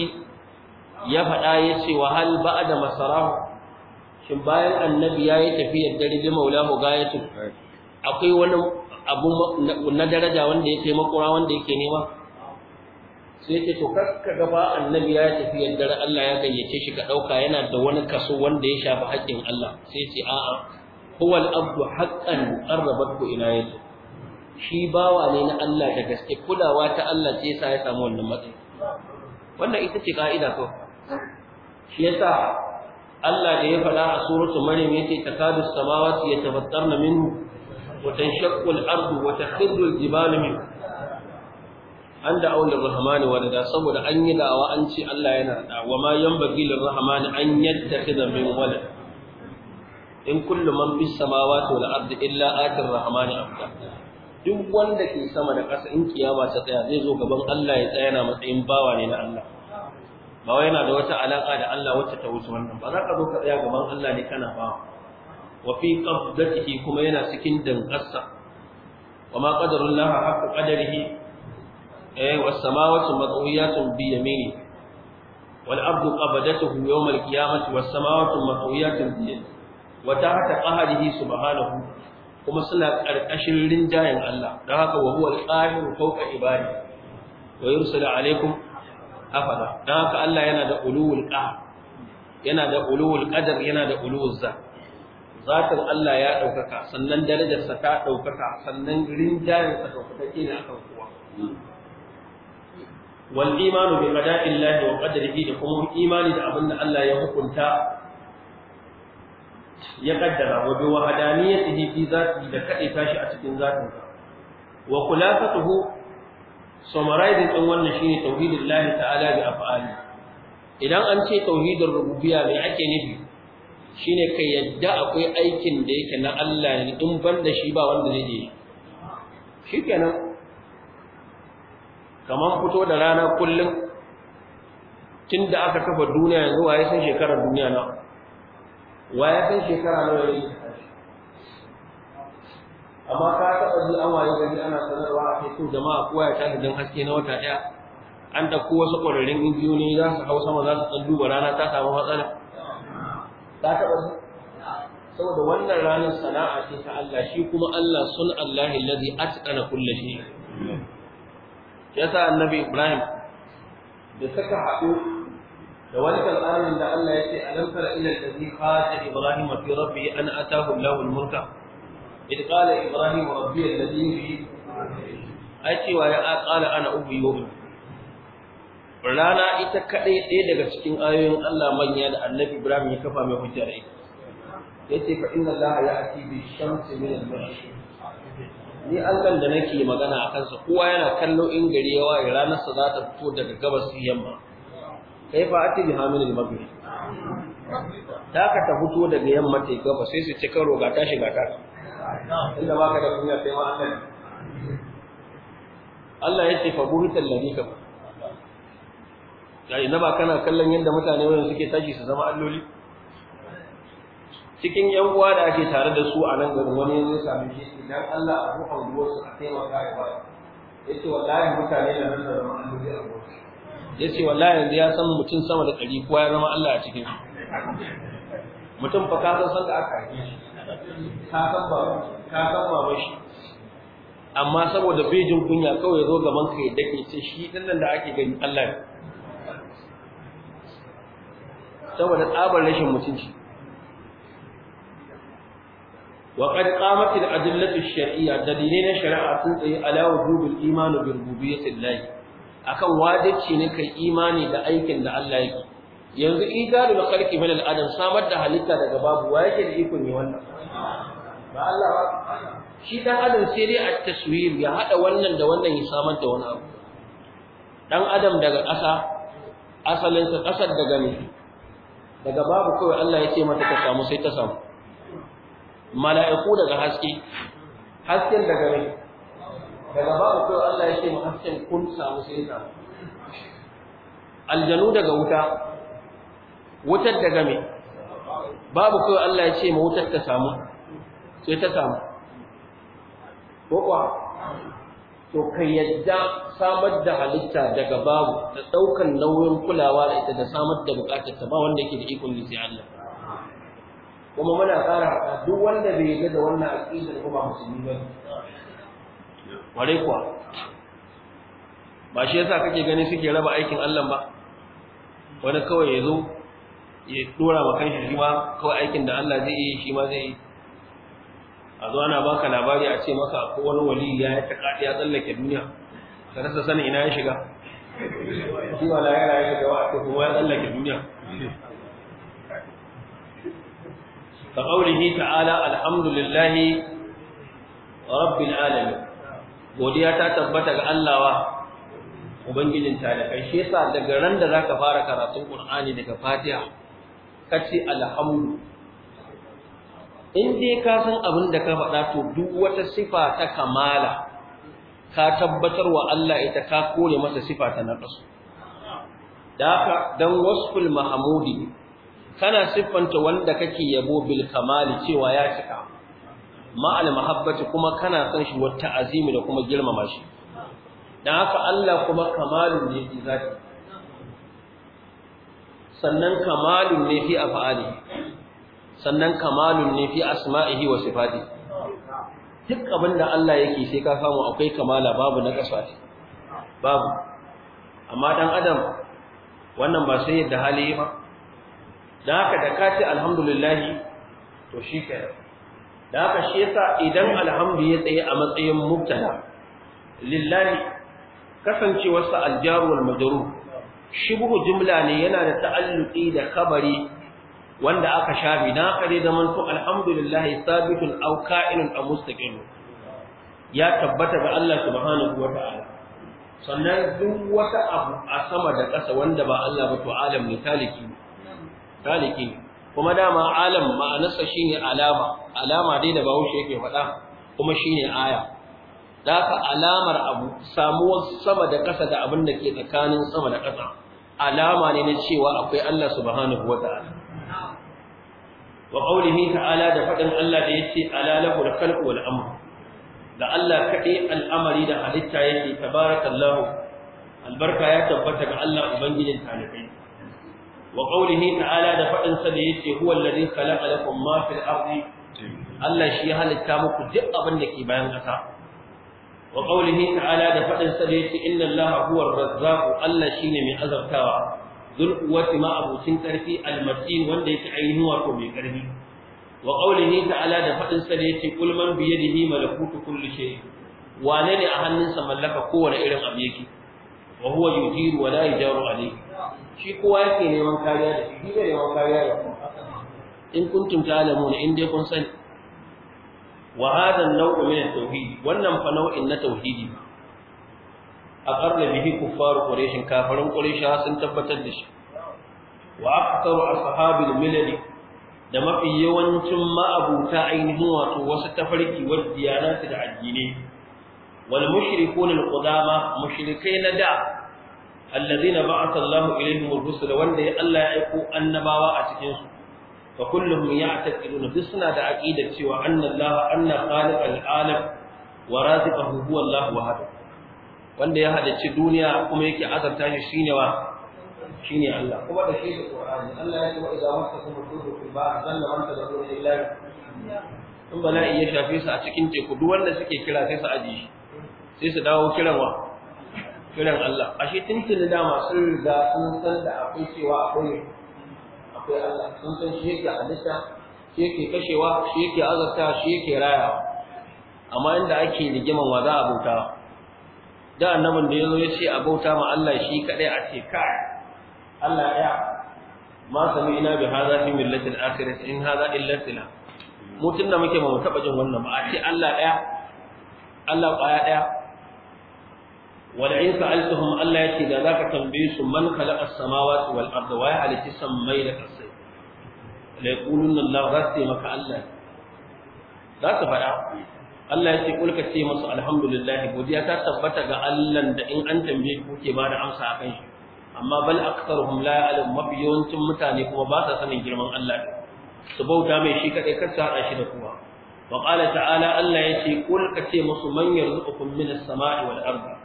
Speaker 1: ya faɗa ya ce wa hal ba da masarahu shin bayan annabi ya yi tafiyar dare da maulahu gayatu akwai wani abu na daraja wanda ya kai Kura wanda yake nema sai ce to kakka gaba annabi ya tafiyar yadda Allah ya gayyace shi ka ɗauka yana da wani kaso wanda ya shafi haƙƙin Allah sai ce a'a huwa al-abdu haqqan qarrabatku ila shi bawa ne na Allah da gaske kulawa ta Allah ce yasa ya samu wannan matsayi wannan ita ce ka'ida ko shi yasa Allah da ya faɗa a suratu Maryam yake takadu samawati yatafattarna minhu wa tanshaqqu al-ardu wa takhirru al-jibalu minhu an da aulin wa da saboda an yi dawa an ce Allah yana da wa ma yan bagilin rahamani an yadda min walad in kullu man fis samawati wal ardi illa atir rahmani abda duk wanda ke sama da ƙasa in kiyama ta tsaya zai zo gaban Allah ya tsaya na matsayin bawa ne na Allah ba wai yana da wata alaka da Allah wacce ta wuce wannan ba za ka zo ka tsaya gaban Allah ne kana bawa wa fi qabdatihi kuma yana cikin danƙasa wa ma qadarullahi haqqa qadarihi eh was samawati matwiyatun bi yamini wal ardu qabdatuhu yawm al qiyamati was samawati matwiyatun bi yamini wa tahta qahrihi subhanahu kuma suna ƙarƙashin rinjayen Allah dan haka wa huwa al-qahir fawqa ibadi wa yursilu alaikum afada dan haka Allah yana da ulul qahr yana da ulul qadar yana da ulul zat zatin Allah ya ɗaukaka, sannan darajarsa ta ɗaukaka sannan rinjayen sa daukaka ne akan kowa wal imanu bi qada'illahi wa qadarihi da kuma imani da abinda Allah ya hukunta ya kaddara wa bi wahadaniyatihi fi zatihi da kade tashi a cikin zatin sa wa khulafatuhu summarizing din wannan shine tauhidillahi ta'ala bi af'ali idan an ce tauhidin rububiyya me ake nufi shine kai yadda akwai aikin da yake na Allah ne in ban da shi ba wanda zai yi shikenan Kamar fito da rana kullum tunda aka kafa duniya yanzu waye san shekarar duniya na wa ya kai shekara nawa yayi amma ka taɓa ji an waye gari ana sanarwa a kai jama'a kowa ya tashi don haske na wata ɗaya an kowa wasu ƙwararrun injiniyoyi za su hau sama za su ɗan duba rana ta samu matsala
Speaker 2: ta taɓa ji saboda wannan ranar sana'a
Speaker 1: ce ta Allah shi kuma Allah sun Allah allazi atqana kulli shay'in yasa annabi Ibrahim da suka haɗu da wani tsarin da Allah ya ce alam tara ila allazi qala ibrahim fi rabbi an atahu allah al mulka id qala ibrahim rabbi allazi bi ai cewa ya qala ana ubi yubi rana ita kadai ɗaya daga cikin ayoyin Allah manya da annabi ibrahim ya kafa mai hujja da ita yace fa inna allaha ya'ti bi shamsi min al
Speaker 2: ni Allah da nake
Speaker 1: magana a kansa kowa yana kallo in gari ya waye ranar sa za ta fito daga gabas yamma kai fa ati bi hamilil maghrib ta ka ta fito daga yamma ta gaba sai su ci karo ga tashi ga ta
Speaker 2: inda ba ka da kunya
Speaker 1: sai ma Allah Allah ya ce fa buhital ladhi kafa yayi na ba kana kallon yadda mutane wayan suke tashi su zama alloli cikin yan uwa da ake tare da su a nan garin wani ya sami shi idan Allah abu anguwar su a taimaka ya ba yace wallahi mutane da nan da zama alloli a gobe ya ce wallahi yanzu ya san mutum sama da ɗari kowa ya zama Allah a cikin su mutum fa ka
Speaker 2: san da aka haife shi ka san ba ba shi
Speaker 1: amma saboda bai jin kunya kawai ya zo gaban ka ya dake ce shi ɗan nan da ake gani Allah ne saboda tsabar rashin mutunci وقد قامت الأدلة الشرعية دليلين شرعة تنطي على وجوب الإيمان بربوبية الله akan wajibci ne kai imani da aikin da Allah yake yanzu idalul khalqi min al-adam samar da halitta daga babu wa yake da iko ne wannan
Speaker 2: ba Allah ba shi dan adam sai dai
Speaker 1: a taswir ya hada wannan da wannan ya samar da wani abu dan adam daga ƙasa asalin sa ƙasar daga ne daga babu kawai Allah ya ce mata ta samu sai ta samu mala'iku daga haske hasken daga ne daga babu ku Allah ya ce mu hakkin kun samu sai ta aljanu daga wuta wutar daga me babu ku Allah ya ce mu wutar ta samu sai ta samu ko kuwa to kai yadda samar da halitta daga babu da daukan nauyin kulawa da ita da samar da bukatar ta ba wanda yake da ikon ni sai Allah kuma muna ƙara duk wanda bai yarda da wannan aqidar kuma musulmi ba ware kuwa ba shi yasa kake gani suke raba aikin Allah ba wani kawai ya zo ya dora ma kanshi shi ma kawai aikin da Allah zai yi shi ma zai yi a zo ana baka labari a ce maka ko wani wali ya yi ta ya tsallake duniya ka rasa sanin ina ya shiga
Speaker 2: shi na lahira ya shiga wa kuma ya tsallake duniya
Speaker 1: ka qaulihi ta'ala alhamdulillahi rabbil alamin godiya ta tabbata ga Allah wa ubangijin talakai shi yasa daga ran da zaka fara karatun Qur'ani daga Fatiha kace alhamdu in dai ka san abin da ka faɗa to duk wata sifa ta kamala ka tabbatar wa Allah ita ka kore masa sifa ta naqas da dan wasful mahmudi kana siffanta wanda kake yabo bil kamali cewa ya cika ma'al mahabbati kuma kana san shi wata azimi da kuma girmama shi dan haka Allah kuma kamalun ne fi zati sannan kamalun ne fi af'ali sannan kamalun ne fi asma'ihi wa sifati duk abin da Allah yake sai ka samu akwai kamala babu na kasa babu amma dan adam wannan ba sai yadda hali ba dan haka da ka ce alhamdulillah to shi da haka shi yasa idan alhamdu ya tsaye a matsayin mubtada lillahi kasancewarsa aljaru wal majrur shibhu jumla ne yana da ta'alluqi da khabari wanda aka shafi na kare zaman to alhamdulillah sabitun aw ka'inun aw mustaqil ya tabbata ga Allah subhanahu wa ta'ala sannan duk wata abu a sama da ƙasa wanda ba Allah ba to alam ne taliki taliki kuma dama alam ma'anarsa shine alama alama dai da bawo yake faɗa kuma shine aya da haka alamar abu samuwar sama da ƙasa da abin da ke tsakanin sama da ƙasa alama ne na cewa akwai Allah subhanahu wataala wa qawlihi ta'ala da faɗin Allah da yace ala lahu al wal amr da Allah kaɗai al'amari da halitta yake tabarakallahu albarka ya tabbata ga Allah ubangijin talibai wa qawlihi ta'ala da fadin sa da yace huwa alladhi khalaqa lakum ma fil ardi Allah shi ya halitta muku duk abinda ke bayan kasa. wa qawlihi ta'ala da fadin sa da yace inna Allaha huwa ar-razzaq Allah shine mai azartawa dhul quwwati ma abutin karfi al-matin wanda yake ainihin wato mai karfi wa qawlihi ta'ala da Faɗin sa da yace qul man bi yadihi malakutu kulli shay wane ne a hannunsa mallaka kowane irin abu yake wa huwa yujiru wa la yajaru alayhi shi kowa yake neman kariya da shi bai neman kariya da in kuntum ta'lamuna in dai kun sani wa hadha an-naw'u min tauhid wannan fa nau'in na tauhidi A aqarra bihi kuffar quraish kafarun quraish sun tabbatar da shi wa ashabi al milal da mafi yawancin ma'abuta ainihin wato wasu tafarki wa su da addini wal mushrikun al-qudama mushrikai na da allazina ba'atha Allahu ilaihim ar-rusula wanda ya Allah ya aiko annabawa a cikin su fa kulluhum ya'taqiduna duk suna da aqidar cewa anna Allah anna khaliq al-alam wa raziqahu huwa Allah wanda ya halicci duniya kuma yake azarta shi shine wa shine Allah kuma da shi Qur'ani Allah ya ce in bala'i ya shafe su a cikin teku duk wanda suke kira sai su ajiye sai su dawo kiran wa kiran Allah ashe tuntuni dama sun riga sun san da akwai cewa akwai akwai Allah sun san shi yake halitta shi yake kashewa shi yake azarta shi yake rayawa amma inda ake rigiman wa za a bauta da annabin da yazo ya ce a bauta ma Allah shi kadai a ce kai Allah ya ma sami ina bi hadha fi millati al-akhirah in hadha illa sila mutun da muke ba mu taba jin wannan ba a ce Allah daya Allah kwaya daya wala in sa'altahum Allah yace da zaka tambaye su man khalaqa as-samawati wal arda wa halitta samai da kasai la yaquluna Allah rasti maka Allah za ka faɗa Allah yace kul ka ce musu alhamdulillah godiya ta tabbata ga Allah da in an tambaye ku ke ba da amsa akan shi amma bal aktsaruhum la ya'lam mafi yawancin mutane kuma ba sa sanin girman Allah su bauta mai shi kadai kar ta hada shi da kowa wa qala ta'ala Allah yace kul ka ce musu man yarzuqukum minas sama'i wal ardi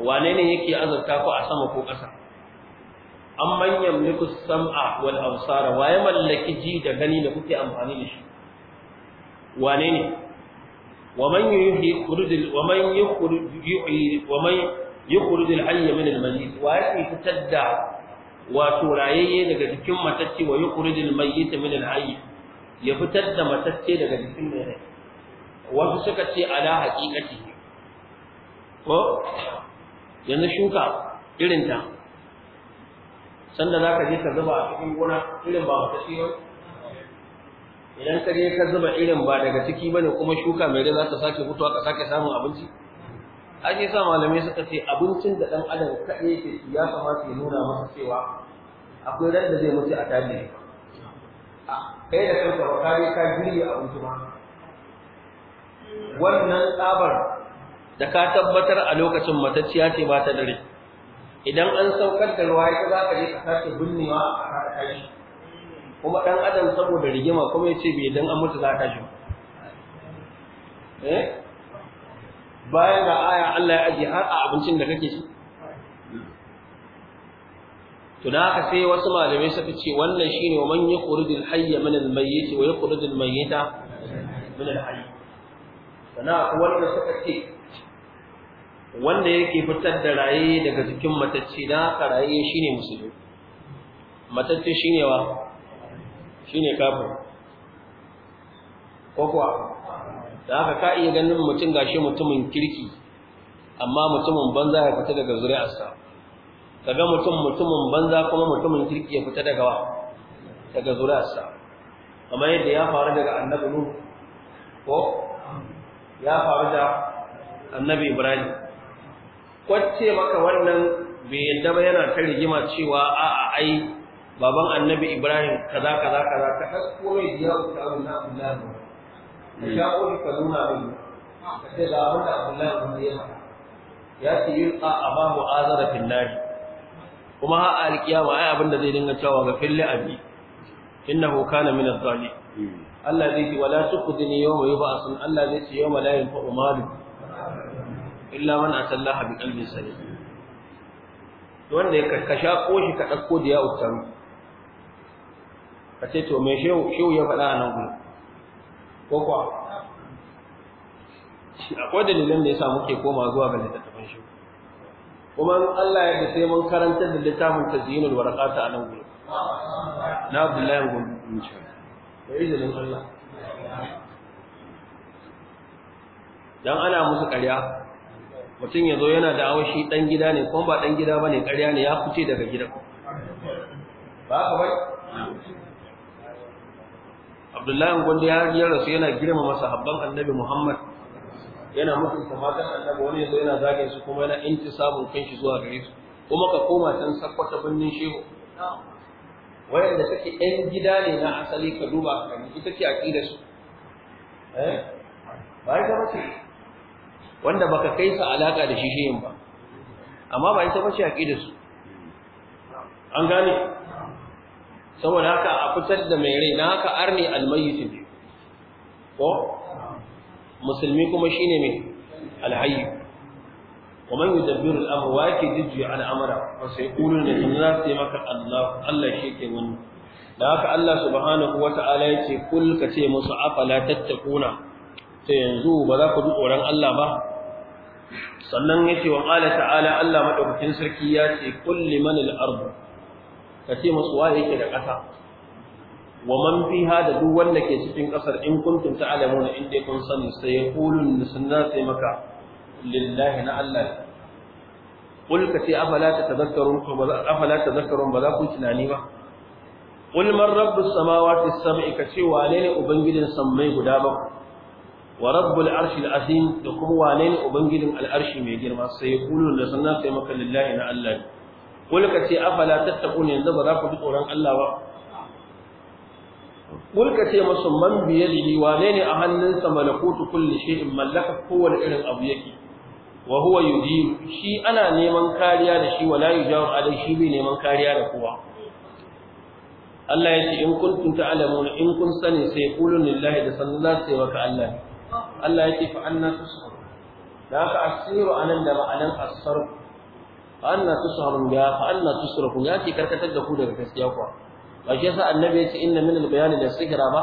Speaker 1: wane ne yake azurta ku a sama ko ƙasa manyan yamliku sam'a wal absara waye mallaki ji da gani da kuke amfani da shi wane ne waman yuhyi khurujul waman yuhyi waman yukhrujul hayy min al mayyit waye ya fitar da wato rayayye daga jikin matacce wa yukhrujul mayyit min al hayy ya fitar da matacce daga jikin mai rai wasu suka ce ala haqiqati ko yanzu shuka irin ta sanda za ka je ka zuba a cikin gona irin ba wata shi idan ka je ka zuba irin ba daga ciki bane kuma shuka mai rai za ta sake fitowa ka sake samun abinci ake sa malamai suka ce abincin da dan adam kaɗai yake shi ya kamata ya nuna masa cewa akwai ran da zai mutu a tabi kai da kanka ba kare ka girye abinci ba wannan tsabar da ka tabbatar a lokacin matacciya ce ba ta dare idan an saukar da ruwa ya za ka je ka sake bunnewa a kare kuma dan adam saboda rigima kuma ya ce bai dan an mutu za ta shi eh bayan da aya Allah ya aje har a abincin da kake shi to da sai wasu malamai suka ce wannan shine wa man yaqrudul hayya min al mayyit wa yaqrudul mayyita min al hayy
Speaker 2: sana'a wanda suka ce
Speaker 1: wanda yake fitar da raye daga cikin matacce da haka raye shine musulmi matacce shine wa shine kafir ko kuwa da haka ka iya ganin mutum gashi mutumin kirki amma mutumin banza ya fita daga zuri'arsa kaga mutum mutumin banza kuma mutumin kirki ya fita daga daga zuri'arsa kamar yadda ya faru daga annabi nuhu ko ya faru da annabi ibrahim kwace maka wannan bai yadda ba yana ta rigima cewa a'a ai baban annabi ibrahim kaza kaza kaza ka hasko mai biya ku ta abin na abdullahi ka hmm. sha ka nuna min ka ce ga abin da abdullahi ban ya faɗa ya ce yin a aba mu azara fillahi kuma ha a alƙiyama ai abin da zai dinga cewa ga filli abi innahu kana min az-zalim hmm. Allah zai ce wala tuqdini yawma yub'asun Allah zai ce yawma la yanfa'u malu illa man atallaha bi qalbin salim wanda ya karkasha ko shi ka dauko da ya uktaru kace to me shehu shehu ya faɗa a nan gurin ko kwa akwai dalilin da ya sa muke koma zuwa ga littattafan shehu kuma Allah ya sai mun karanta da littafin tazyinul warqata a nan gurin na Abdullahi Gombe da izinin Allah dan ana musu ƙarya mutum ya zo yana da awon shi ɗan gida ne kuma ba ɗan gida ba ne ƙarya ne ya fice daga gida ba ka bai abdullahi gwanda ya yi rasu yana girma masa habban annabi muhammad yana mutunta matan annabi wani yanzu yana zagin su kuma yana inci samun kanshi zuwa gare su kuma ka koma can sakwata birnin shehu wayanda suke yan gida ne na asali ka duba ka ita ce aƙidar su eh ba
Speaker 2: ya
Speaker 1: wanda baka kai sa alaka da shi shiyin ba amma ba ita bace aqida su an gane saboda haka a fitar da mai rai na haka arni almayyit ko musulmi kuma shine mai alhayy ومن يدبر الامر واكي يجي على امره فسيقولون الناس مك الله الله شيكي من da haka Allah subhanahu wata'ala yace kul ce masu afala tattakuna Ta yanzu ba za ku ji tsoron Allah ba sannan yace wa qala ta'ala Allah madaukakin sarki ya ce kulli man al-ard ce masu waye yake da ƙasa wa man fiha da duk wanda ke cikin ƙasar in kuntum ta'lamuna in dai kun sani sai yaqulun sunna sai maka lillahi na Allah qul ce. afala tatadhakkarun ko ba afala tadhakkarun ba za ku tunani ba qul man rabbus samawati as-sab'i ce, wane ne ubangijin sammai guda bakwai wa rabbul arshi azim da kuma wane ne ubangijin al'arshi mai girma sai kulun da sannan sai maka lillahi na Allah ne kul ka ce afala tattaqun yanzu ba za ku bi tsoron Allah ba kul ka ce musu man biyadihi wane ne a hannunsa malakutu kulli shay'in mallaka kowane irin abu yake wa huwa yujib shi ana neman kariya da shi wala yujawu alai shi bai neman kariya da kowa Allah ya ce in kuntum ta'lamuna in kun sani sai kulun lillahi da sannan sai maka Allah ne Allah yake fa anna tusharu da aka asiru anan da ma'anan asar fa anna tusharu ya fa anna tusrafu ya ke karkatar da ku daga gaskiya kuwa ba shi yasa annabi ya ce inna min al-bayani da sihira ba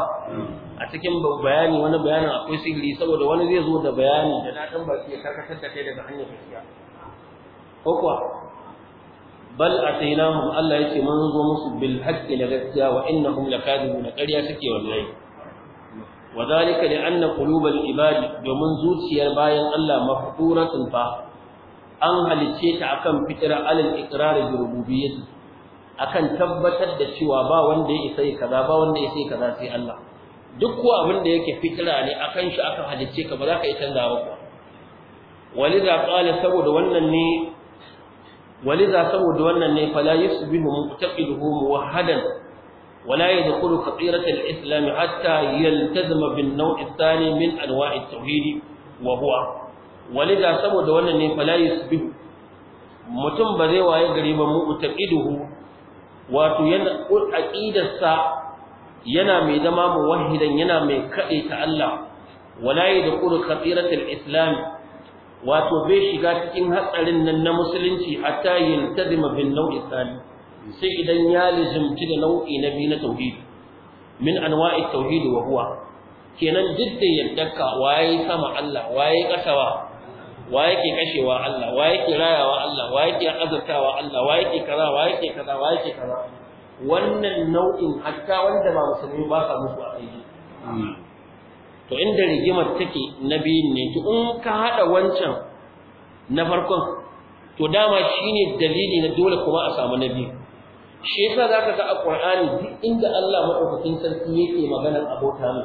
Speaker 1: a cikin bayani wani bayanin akwai sihiri saboda wani zai zo da bayani da na dan baki ya karkatar da kai daga hanyar gaskiya ko kuwa bal atainahum Allah yace mun zo musu bil haqqi la gaskiya wa innahum lakadibun ƙarya suke wallahi wa zalika li anna qulubal ibadi domin zuciyar bayan Allah mafquratun fa an halice ta akan fitra alal iqrar bi rububiyyah akan tabbatar da cewa ba wanda ya isa kaza ba wanda ya isa kaza sai Allah duk ko abin yake fitra ne akan shi aka halice ba za ka yi canzawa ba walidha qala saboda wannan ne walidha saboda wannan ne fala yusbihu muqtaqiduhu muwahhadan ولا يدخل فقيرة الإسلام حتى يلتزم بالنوع الثاني من أنواع التوحيد وهو ولذا سبب ولني فلا يسبه mutum ba zai waye gari ba mu taqiduhu wato yana aqidarsa yana mai zama muwahhidan yana mai kade ta Allah wala yadkhulu khatiratul islam wato bai shiga cikin hatsarin nan na musulunci hatta yantazima sai idan ya lizimci da nau'i na biyu na tauhidi min anwa'i tauhidi wa huwa kenan duk da yaddarka waye sama Allah waye kasawa waye ke kashewa Allah waye ke rayawa Allah waye ke azurtawa Allah waye ke kaza waye ke kaza waye ke kaza wannan nau'in hatta wanda ba musulmi ba ka musu aiki hmm. to inda rigimar take na biyun ne to in ka hada wancan na farkon to dama shine dalili na dole kuma a samu na biyu shi yasa zaka ga a Qur'ani duk inda Allah madaukakin sarki yake maganar abota mu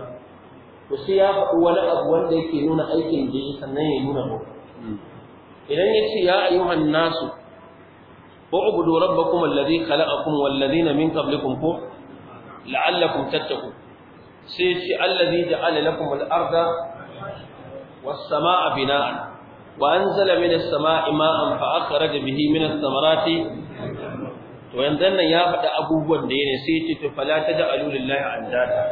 Speaker 1: to sai ya faɗi wani abu wanda yake nuna aikin da yake sannan ya nuna ba. idan ya yace ya ayyuhan nasu ubudu rabbakum alladhi khalaqakum wal ladina min qablikum ko la'allakum tattaqun sai yace alladhi ja'ala lakum al arda was samaa bina'an wa anzala minas samaa'i ma'an fa akhraja bihi minas thamarati to yanzu nan ya faɗi abubuwan da yake sai ce to fala taj'alu lillahi andada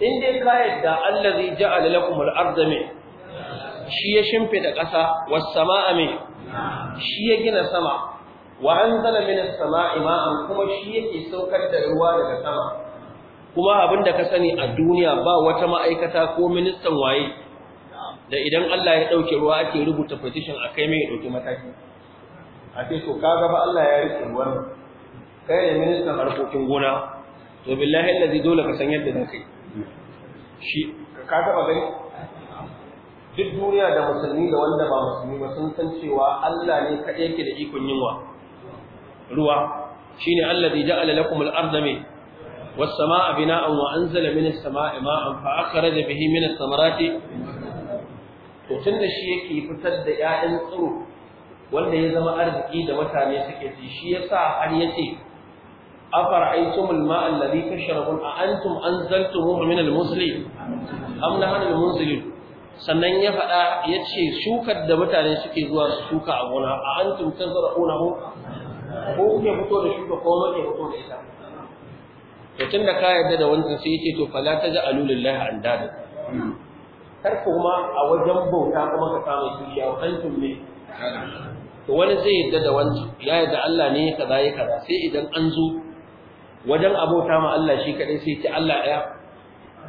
Speaker 1: in dai ka yadda allazi ja'ala lakum al-ardha min shi ya shimfida ƙasa was samaa min shi ya gina sama wa anzala minas samaa'i ma'an kuma shi yake saukar da ruwa daga sama kuma abinda ka sani a duniya ba wata ma'aikata ko ministan waye da idan Allah ya dauke ruwa ake rubuta petition akai mai ya dauki mataki a ce to
Speaker 3: ka gaba Allah ya rike wannan
Speaker 1: kai ne ministan harkokin gona to billahi allazi dole ka san yadda zaka shi ka taba gani duk duniya da musulmi da wanda ba musulmi ba sun san cewa Allah ne kaɗai yake da ikon yinwa ruwa shine allazi ja'ala lakum al-ardha min was-samaa'a bina'an wa anzala min as-samaa'i ma'an fa akhraja bihi min ath-thamarati to tunda shi yake fitar da 'ya'yan tsiro wanda ya zama arziki da mutane suke ci shi yasa har yace أفرأيتم الماء الذي تشربون أأنتم أنزلتموه من المسلم أم نحن المنزلين sannan ya faɗa ya ce shukar da mutane suke zuwa su shuka a gona a an tumtar zara'una mu ko kuke fito da shuka ko muke fito da ita to tun da ka yarda da wancan sai yake to fala ta ja'alu lillahi andada kar kuma a wajen bauta kuma ka kama kishiya wa antum ne to wani zai yadda da wancan ya yadda Allah ne kaza ya kaza sai idan an zo wajen abota ma Allah shi kadai sai ki Allah ɗaya.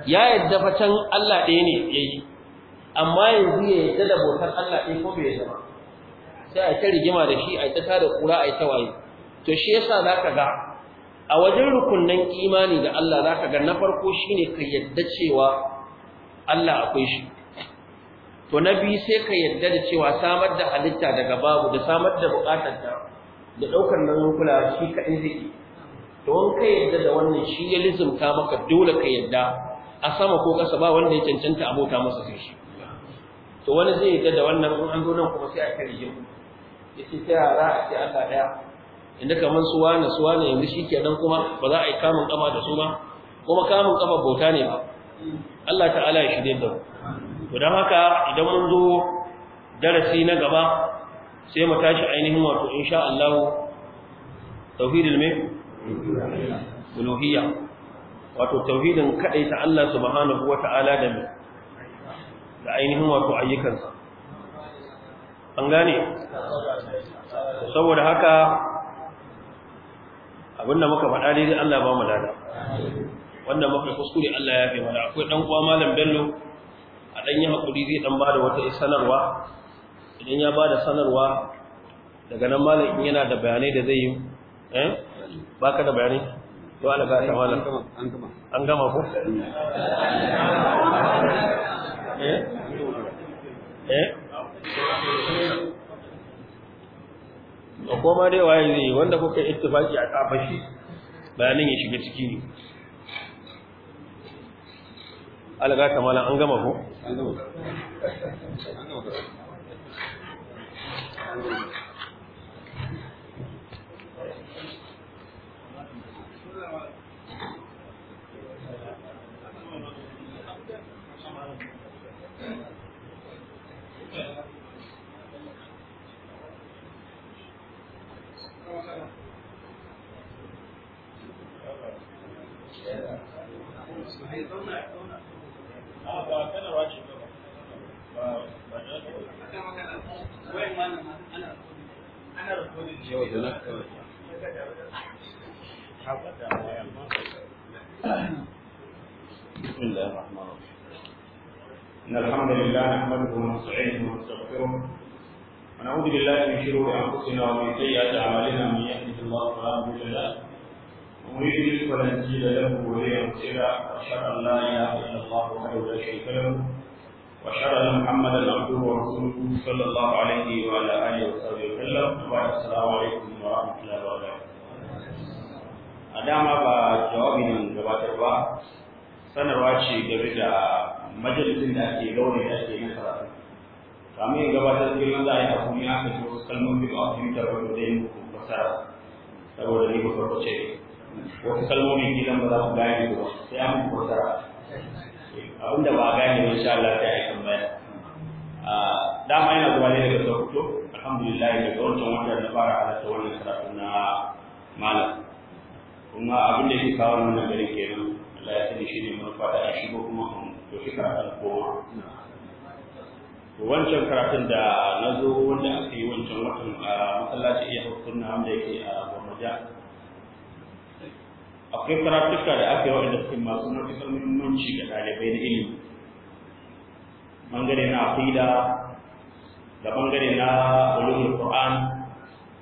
Speaker 1: ya yadda fa can Allah ɗaya ne yayi amma yanzu ya yadda da botar Allah ɗaya ko bai zama. sai a ta rigima da shi a ta tada kura a ta waye to shi yasa zaka ga a wajen rukunnan imani da Allah zaka ga na farko shine ka yadda cewa Allah akwai shi to na biyu sai ka yadda da cewa samar da halitta daga babu da samar da bukatar da da daukar nauyin kulawa shi kaɗai zai to in ka yadda da wannan shi ya lizimta maka dole ka yadda a sama ko ƙasa ba wanda ya cancanta abota masa sai shi to wani zai yadda da wannan in an zo nan kuma sai a kare jin yace ta yara a ce Allah daya inda kamar su na su wani yanzu shi ke nan kuma ba za a yi kamun kafa da su ba kuma kamun kafa bauta ne ba Allah ta'ala ya shirye da mu to don haka idan mun zo darasi na gaba sai mu tashi ainihin wato insha Allah tauhidul mai uluhiyya wato tauhidin ta Allah subhanahu wata'ala da mai da ainihin wato ayyukansa an gane saboda haka abinda muka faɗa dai Allah ba mu lada wanda muka kuskure Allah ya fi mana akwai dan uwa malam Bello a ɗan yi haƙuri zai ɗan ba da wata sanarwa idan ya ba da sanarwa daga nan malam in yana da bayanai da zai yi eh? ba ka da bayanai to ala ga malam an gama an gama
Speaker 3: ko
Speaker 2: eh
Speaker 1: eh ko ma dai waye zai wanda kuka ittifaki a kafashi bayanin ya shiga ciki ne alaga ta malam an gama ko إن الحمد لله نحمده ونستعينه
Speaker 3: ونستغفره ونعوذ بالله من شرور أنفسنا ومن سيئات أعمالنا من يهده الله فلا مضل له ومن يضلل فلا تجد له ولي مرشدا وأشهد أن لا إله إلا الله وحده لا شريك له وأشهد أن محمدا عبده ورسوله صلى الله عليه وعلى آله وصحبه وسلم وبعد السلام عليكم ورحمة الله وبركاته. أدام جوابنا من جواب sanarwa ce game da majalisin da ake gaure da ake na karatu kamar yin gabatar girman za a yi hakuri aka ji wasu kalmomi ba a fahimtar wanda zai yi muku fasara saboda ni ba farko ce wasu kalmomi gidan ba za ku gane ba sai an muku fasara abinda ba a gane ba insha Allah ta yi tambaya dama yana zuwa ne daga Sokoto alhamdulillah daga wancan wanda na fara halatta wannan karatu na malam kuma abin da yake kawo wannan garin kenan ya sani shi ne a shigo kuma to shi koma wancan karatun da na zo wanda aka yi wancan watan a masallaci iya hukun na wanda yake a gwamnati akwai karatuka da aka yi inda suke masu matuƙar muhimmanci ga ɗalibai na ilimi bangare na aqida da bangare na ulumul qur'an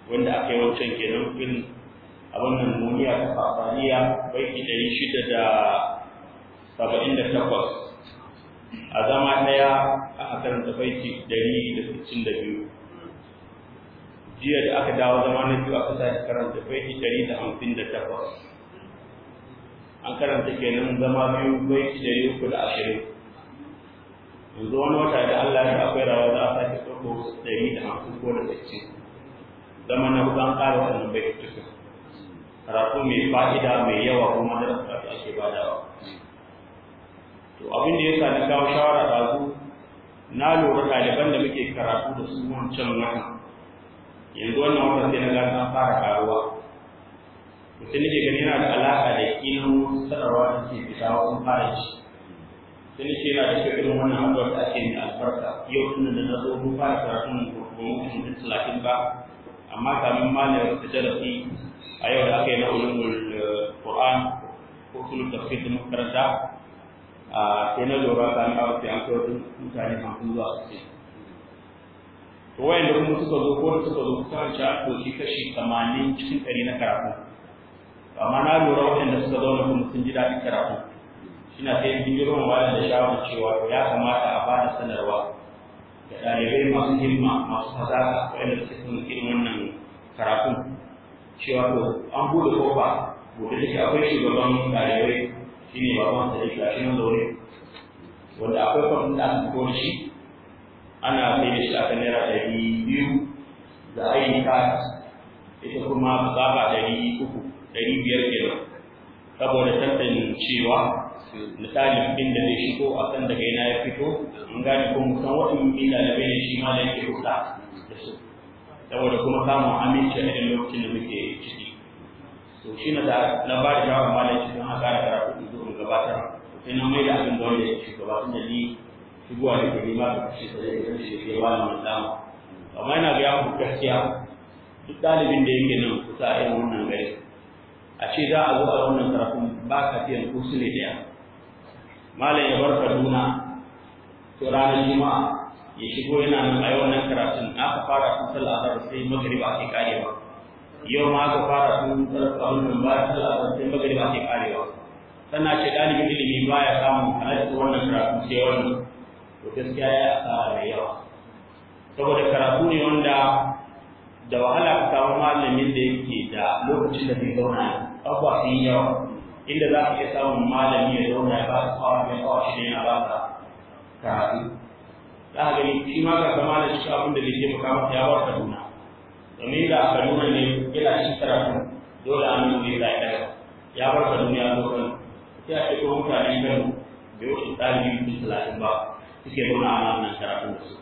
Speaker 3: wanda aka yi wancan kenan irin a wannan muniya ta bai baiki ɗari shida da saba'in da takwas a zama ɗaya aka karanta baiki ɗari da sittin da biyu jiya da aka dawo zama na biyu aka sake karanta baiki ɗari da hamsin da takwas an karanta kenan zama biyu baiki ɗari uku da ashirin yanzu wani wata da Allah ya akwai rawa za a sake ɗauko ɗari da hamsin ko da sittin zama na hudu an ƙara wannan baiki karatu mai fa'ida mai yawa kuma da rafi ake badawa to abin da ya sa kawo shawara zu na lura ɗaliban da muke karatu da su wancan nan yanzu wannan wata sai na gasa fara karuwa mutum sai gani yana da alaƙa da ilimin sanarwa da ke fita wasu fara shi sun ce yana da shirin wannan abubuwa da ake mai albarka yau tun da na zo mun fara karatun ba kuma mutum da talatin ba amma kamin ne da jarabi a yau da aka yi na ulumul eh, Qur'an ko kuma tafsir da makaranta a sai na lura ta na aure an kawo mutane hamsin zuwa sosai to wayan da kuma suka zo ko da suka zo kusa da a ɗauki kashi tamanin cikin ɗari na karatu amma na lura da suka zo na kuma sun ji daɗin karatu shina sai bingiro wajen da shawarar cewa ya kamata a bada sanarwa da ɗalibai masu himma masu hazaka da suke son irin wannan karatun. cewa ko an bude kofa gobe da shi akwai shugaban ɗalibai shi ne baban sa da shi a zaune, wanda akwai kwamfin da aka kori shi ana kai da shi aka naira ɗari biyu da ainihin kat ita kuma tsaba ɗari uku ɗari biyar kenan saboda tantancewa misalin inda zai shigo a kan daga yana ya fito an gane ko musan waɗin min ɗalibai ne shi ma da yake kusa da su saboda kuma samun aminci a irin lokacin da muke ciki to shi na da na ba da shawara malam shi don haka ƙara karatu in zuwa in gabatar sai na mai da abin da wanda ya ci gabatar da ni shigowa da gari ma da shi sai ya kashe shi wani mai mutum amma yana ga yawo gaskiya duk ɗalibin da yake nan kusa a irin wannan gari a ce za a zo a wannan karatun ba ka fiye ko su ne ɗaya malam ya bar kaduna to ranar juma'a ya shigo yana nan a wannan karatun aka fara sun sallah azhar sai magriba ake karewa yau ma aka fara tun sallah sun ba sallah azhar sai magriba ake karewa tana ce dalibin ilimi baya samun halarta wannan karatu sai wannan to gaskiya ya tsara da yawa saboda karatu ne wanda da wahala ka samu malamin da yake da lokacin da zai zauna abuwa sun yi yawa inda za ka iya samun malami ya zauna ya ba su awa biyu shi ne yana ba ka karatu za ka gani shi ma ka zama da shi abin da zai ce maka ya ba ka nuna domin da aka nuna ne yana shi karatu dole an nuna ya yi daga ya ba ka nuna ya zo kan sai a ce ko mutane Kano bai wasu tsari biyu lafin ba suke nuna ana wannan karatun da su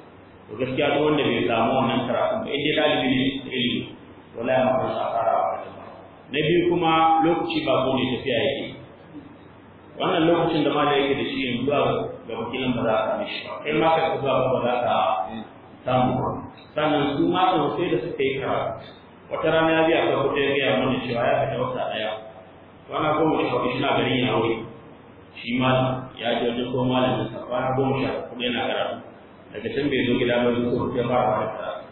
Speaker 3: to gaskiya ko wanda bai samu wannan karatun ba inda dai ɗalibi shi ta ilimi wala ya ma makon sa fara wa na biyu kuma lokaci ba ko ne tafiya yake wannan lokacin da mala yake da shi yanzu ga wakilan ba za a same shi kai ma ka zuwa ba za ka samu ba sannan su ma sai da suka yi karatu wata rana ya biya ka kuɗi ya gaya mana cewa ya fita wata ɗaya kwana goma sha hudu na garin ya aure shi malam ya ji wajen ko malamin sa kwana goma sha hudu yana karatu daga can bai zo gida ba zuwa ya fara fara karatu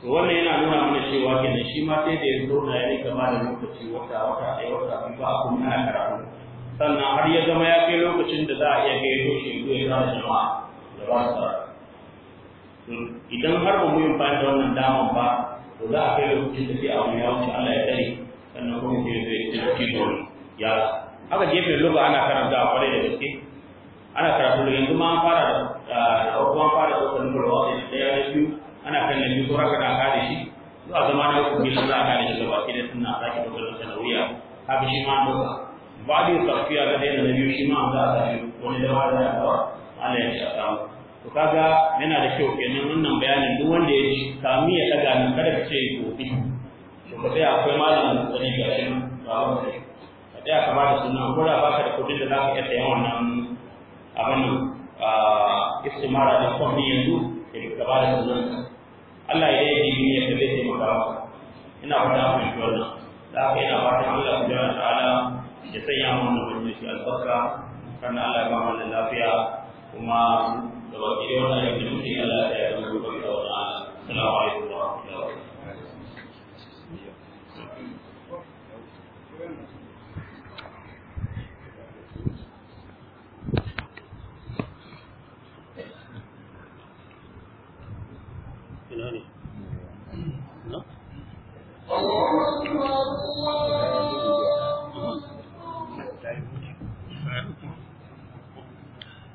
Speaker 3: to wannan yana nuna mana cewa kenan shi ma sai da ya zo na ya rika malamin lokaci wata wata ɗaya wata biyu ba a kuma ana karatu sannan har ya zama ya kai lokacin da za a iya gaido shi ko ya zama jama'a da ba su idan har ba mu yi bayan wannan daman ba to za a kai lokacin da sai a wani yawanci Allah ya tare sannan kuma ke zai tafi dole ya haka gefen lokaci ana karanta a kwarai da gaske ana karatu da yanzu ma an fara da kuma an fara da wasu nufar wasu da ya da biyu ana kan da biyu kuma kada a kare shi zuwa zama na yau kuma za a kare shi gaba ɗaya suna sake da wuya sanarwiya haka shi ma an ɗauka bayan safiya da daina na biyu shi ma za a wani dama da yawa Allah ya shafa mu to kaga yana da kyau kenan wannan bayanin duk wanda ya ji kami ya daga ni kada ka ce gobe to ka sai akwai malamin da ne ga shi ba ba ka da kama da sunan ko da baka da kudin da za ka iya sayan wannan abin nan istimara da kwamni yanzu da ka ba da sunan Allah ya yi ni ya tabbata maka ina fata mun wannan da haka ina fatan Allah subhanahu wa ta'ala ya sanya mu wannan wajen shi albarka sannan Allah ya ba mu lafiya kuma da baki da wannan yankin mutum ya yi mu gobe da wannan assalamu alaikum wa rahmatullahi wa barakatuh hmm.
Speaker 4: Allahumma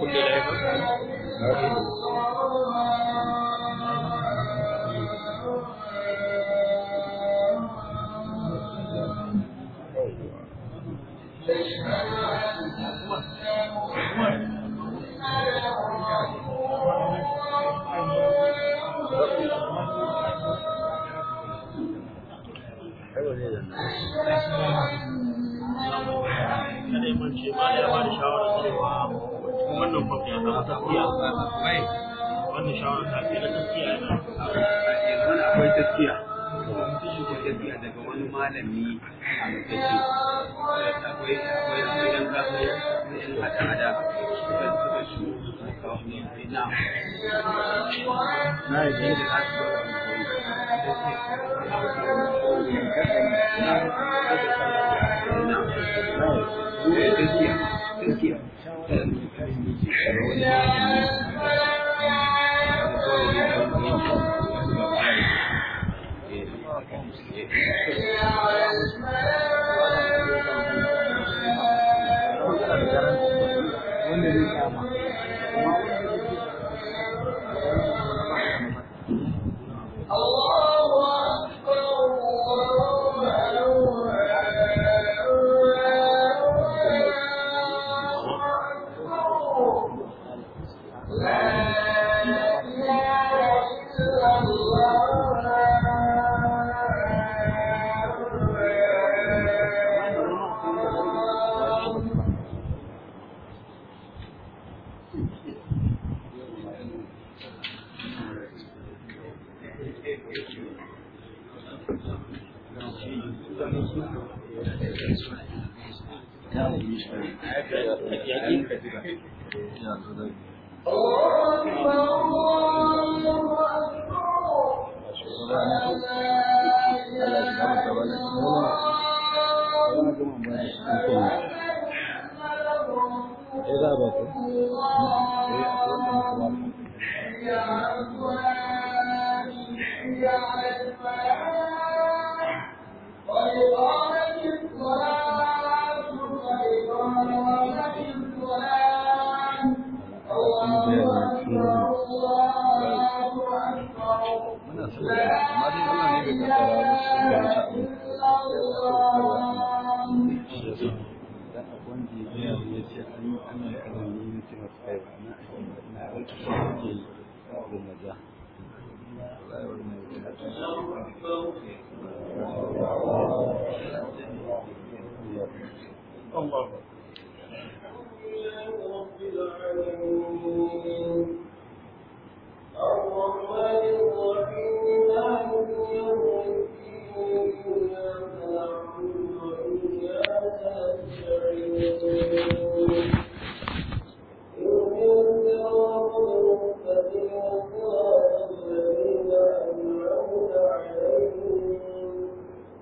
Speaker 2: كل لا Thank you. wannan kwaf ya zama tafiya wannan shawarar ta fi na tafiya yana yanzu akwai tafiya tafiya daga wani malami a mutaci akwai akwai akwai yan kasuwa yan hada-hada suka suka shi na na yi da Thank you. wanda zai kama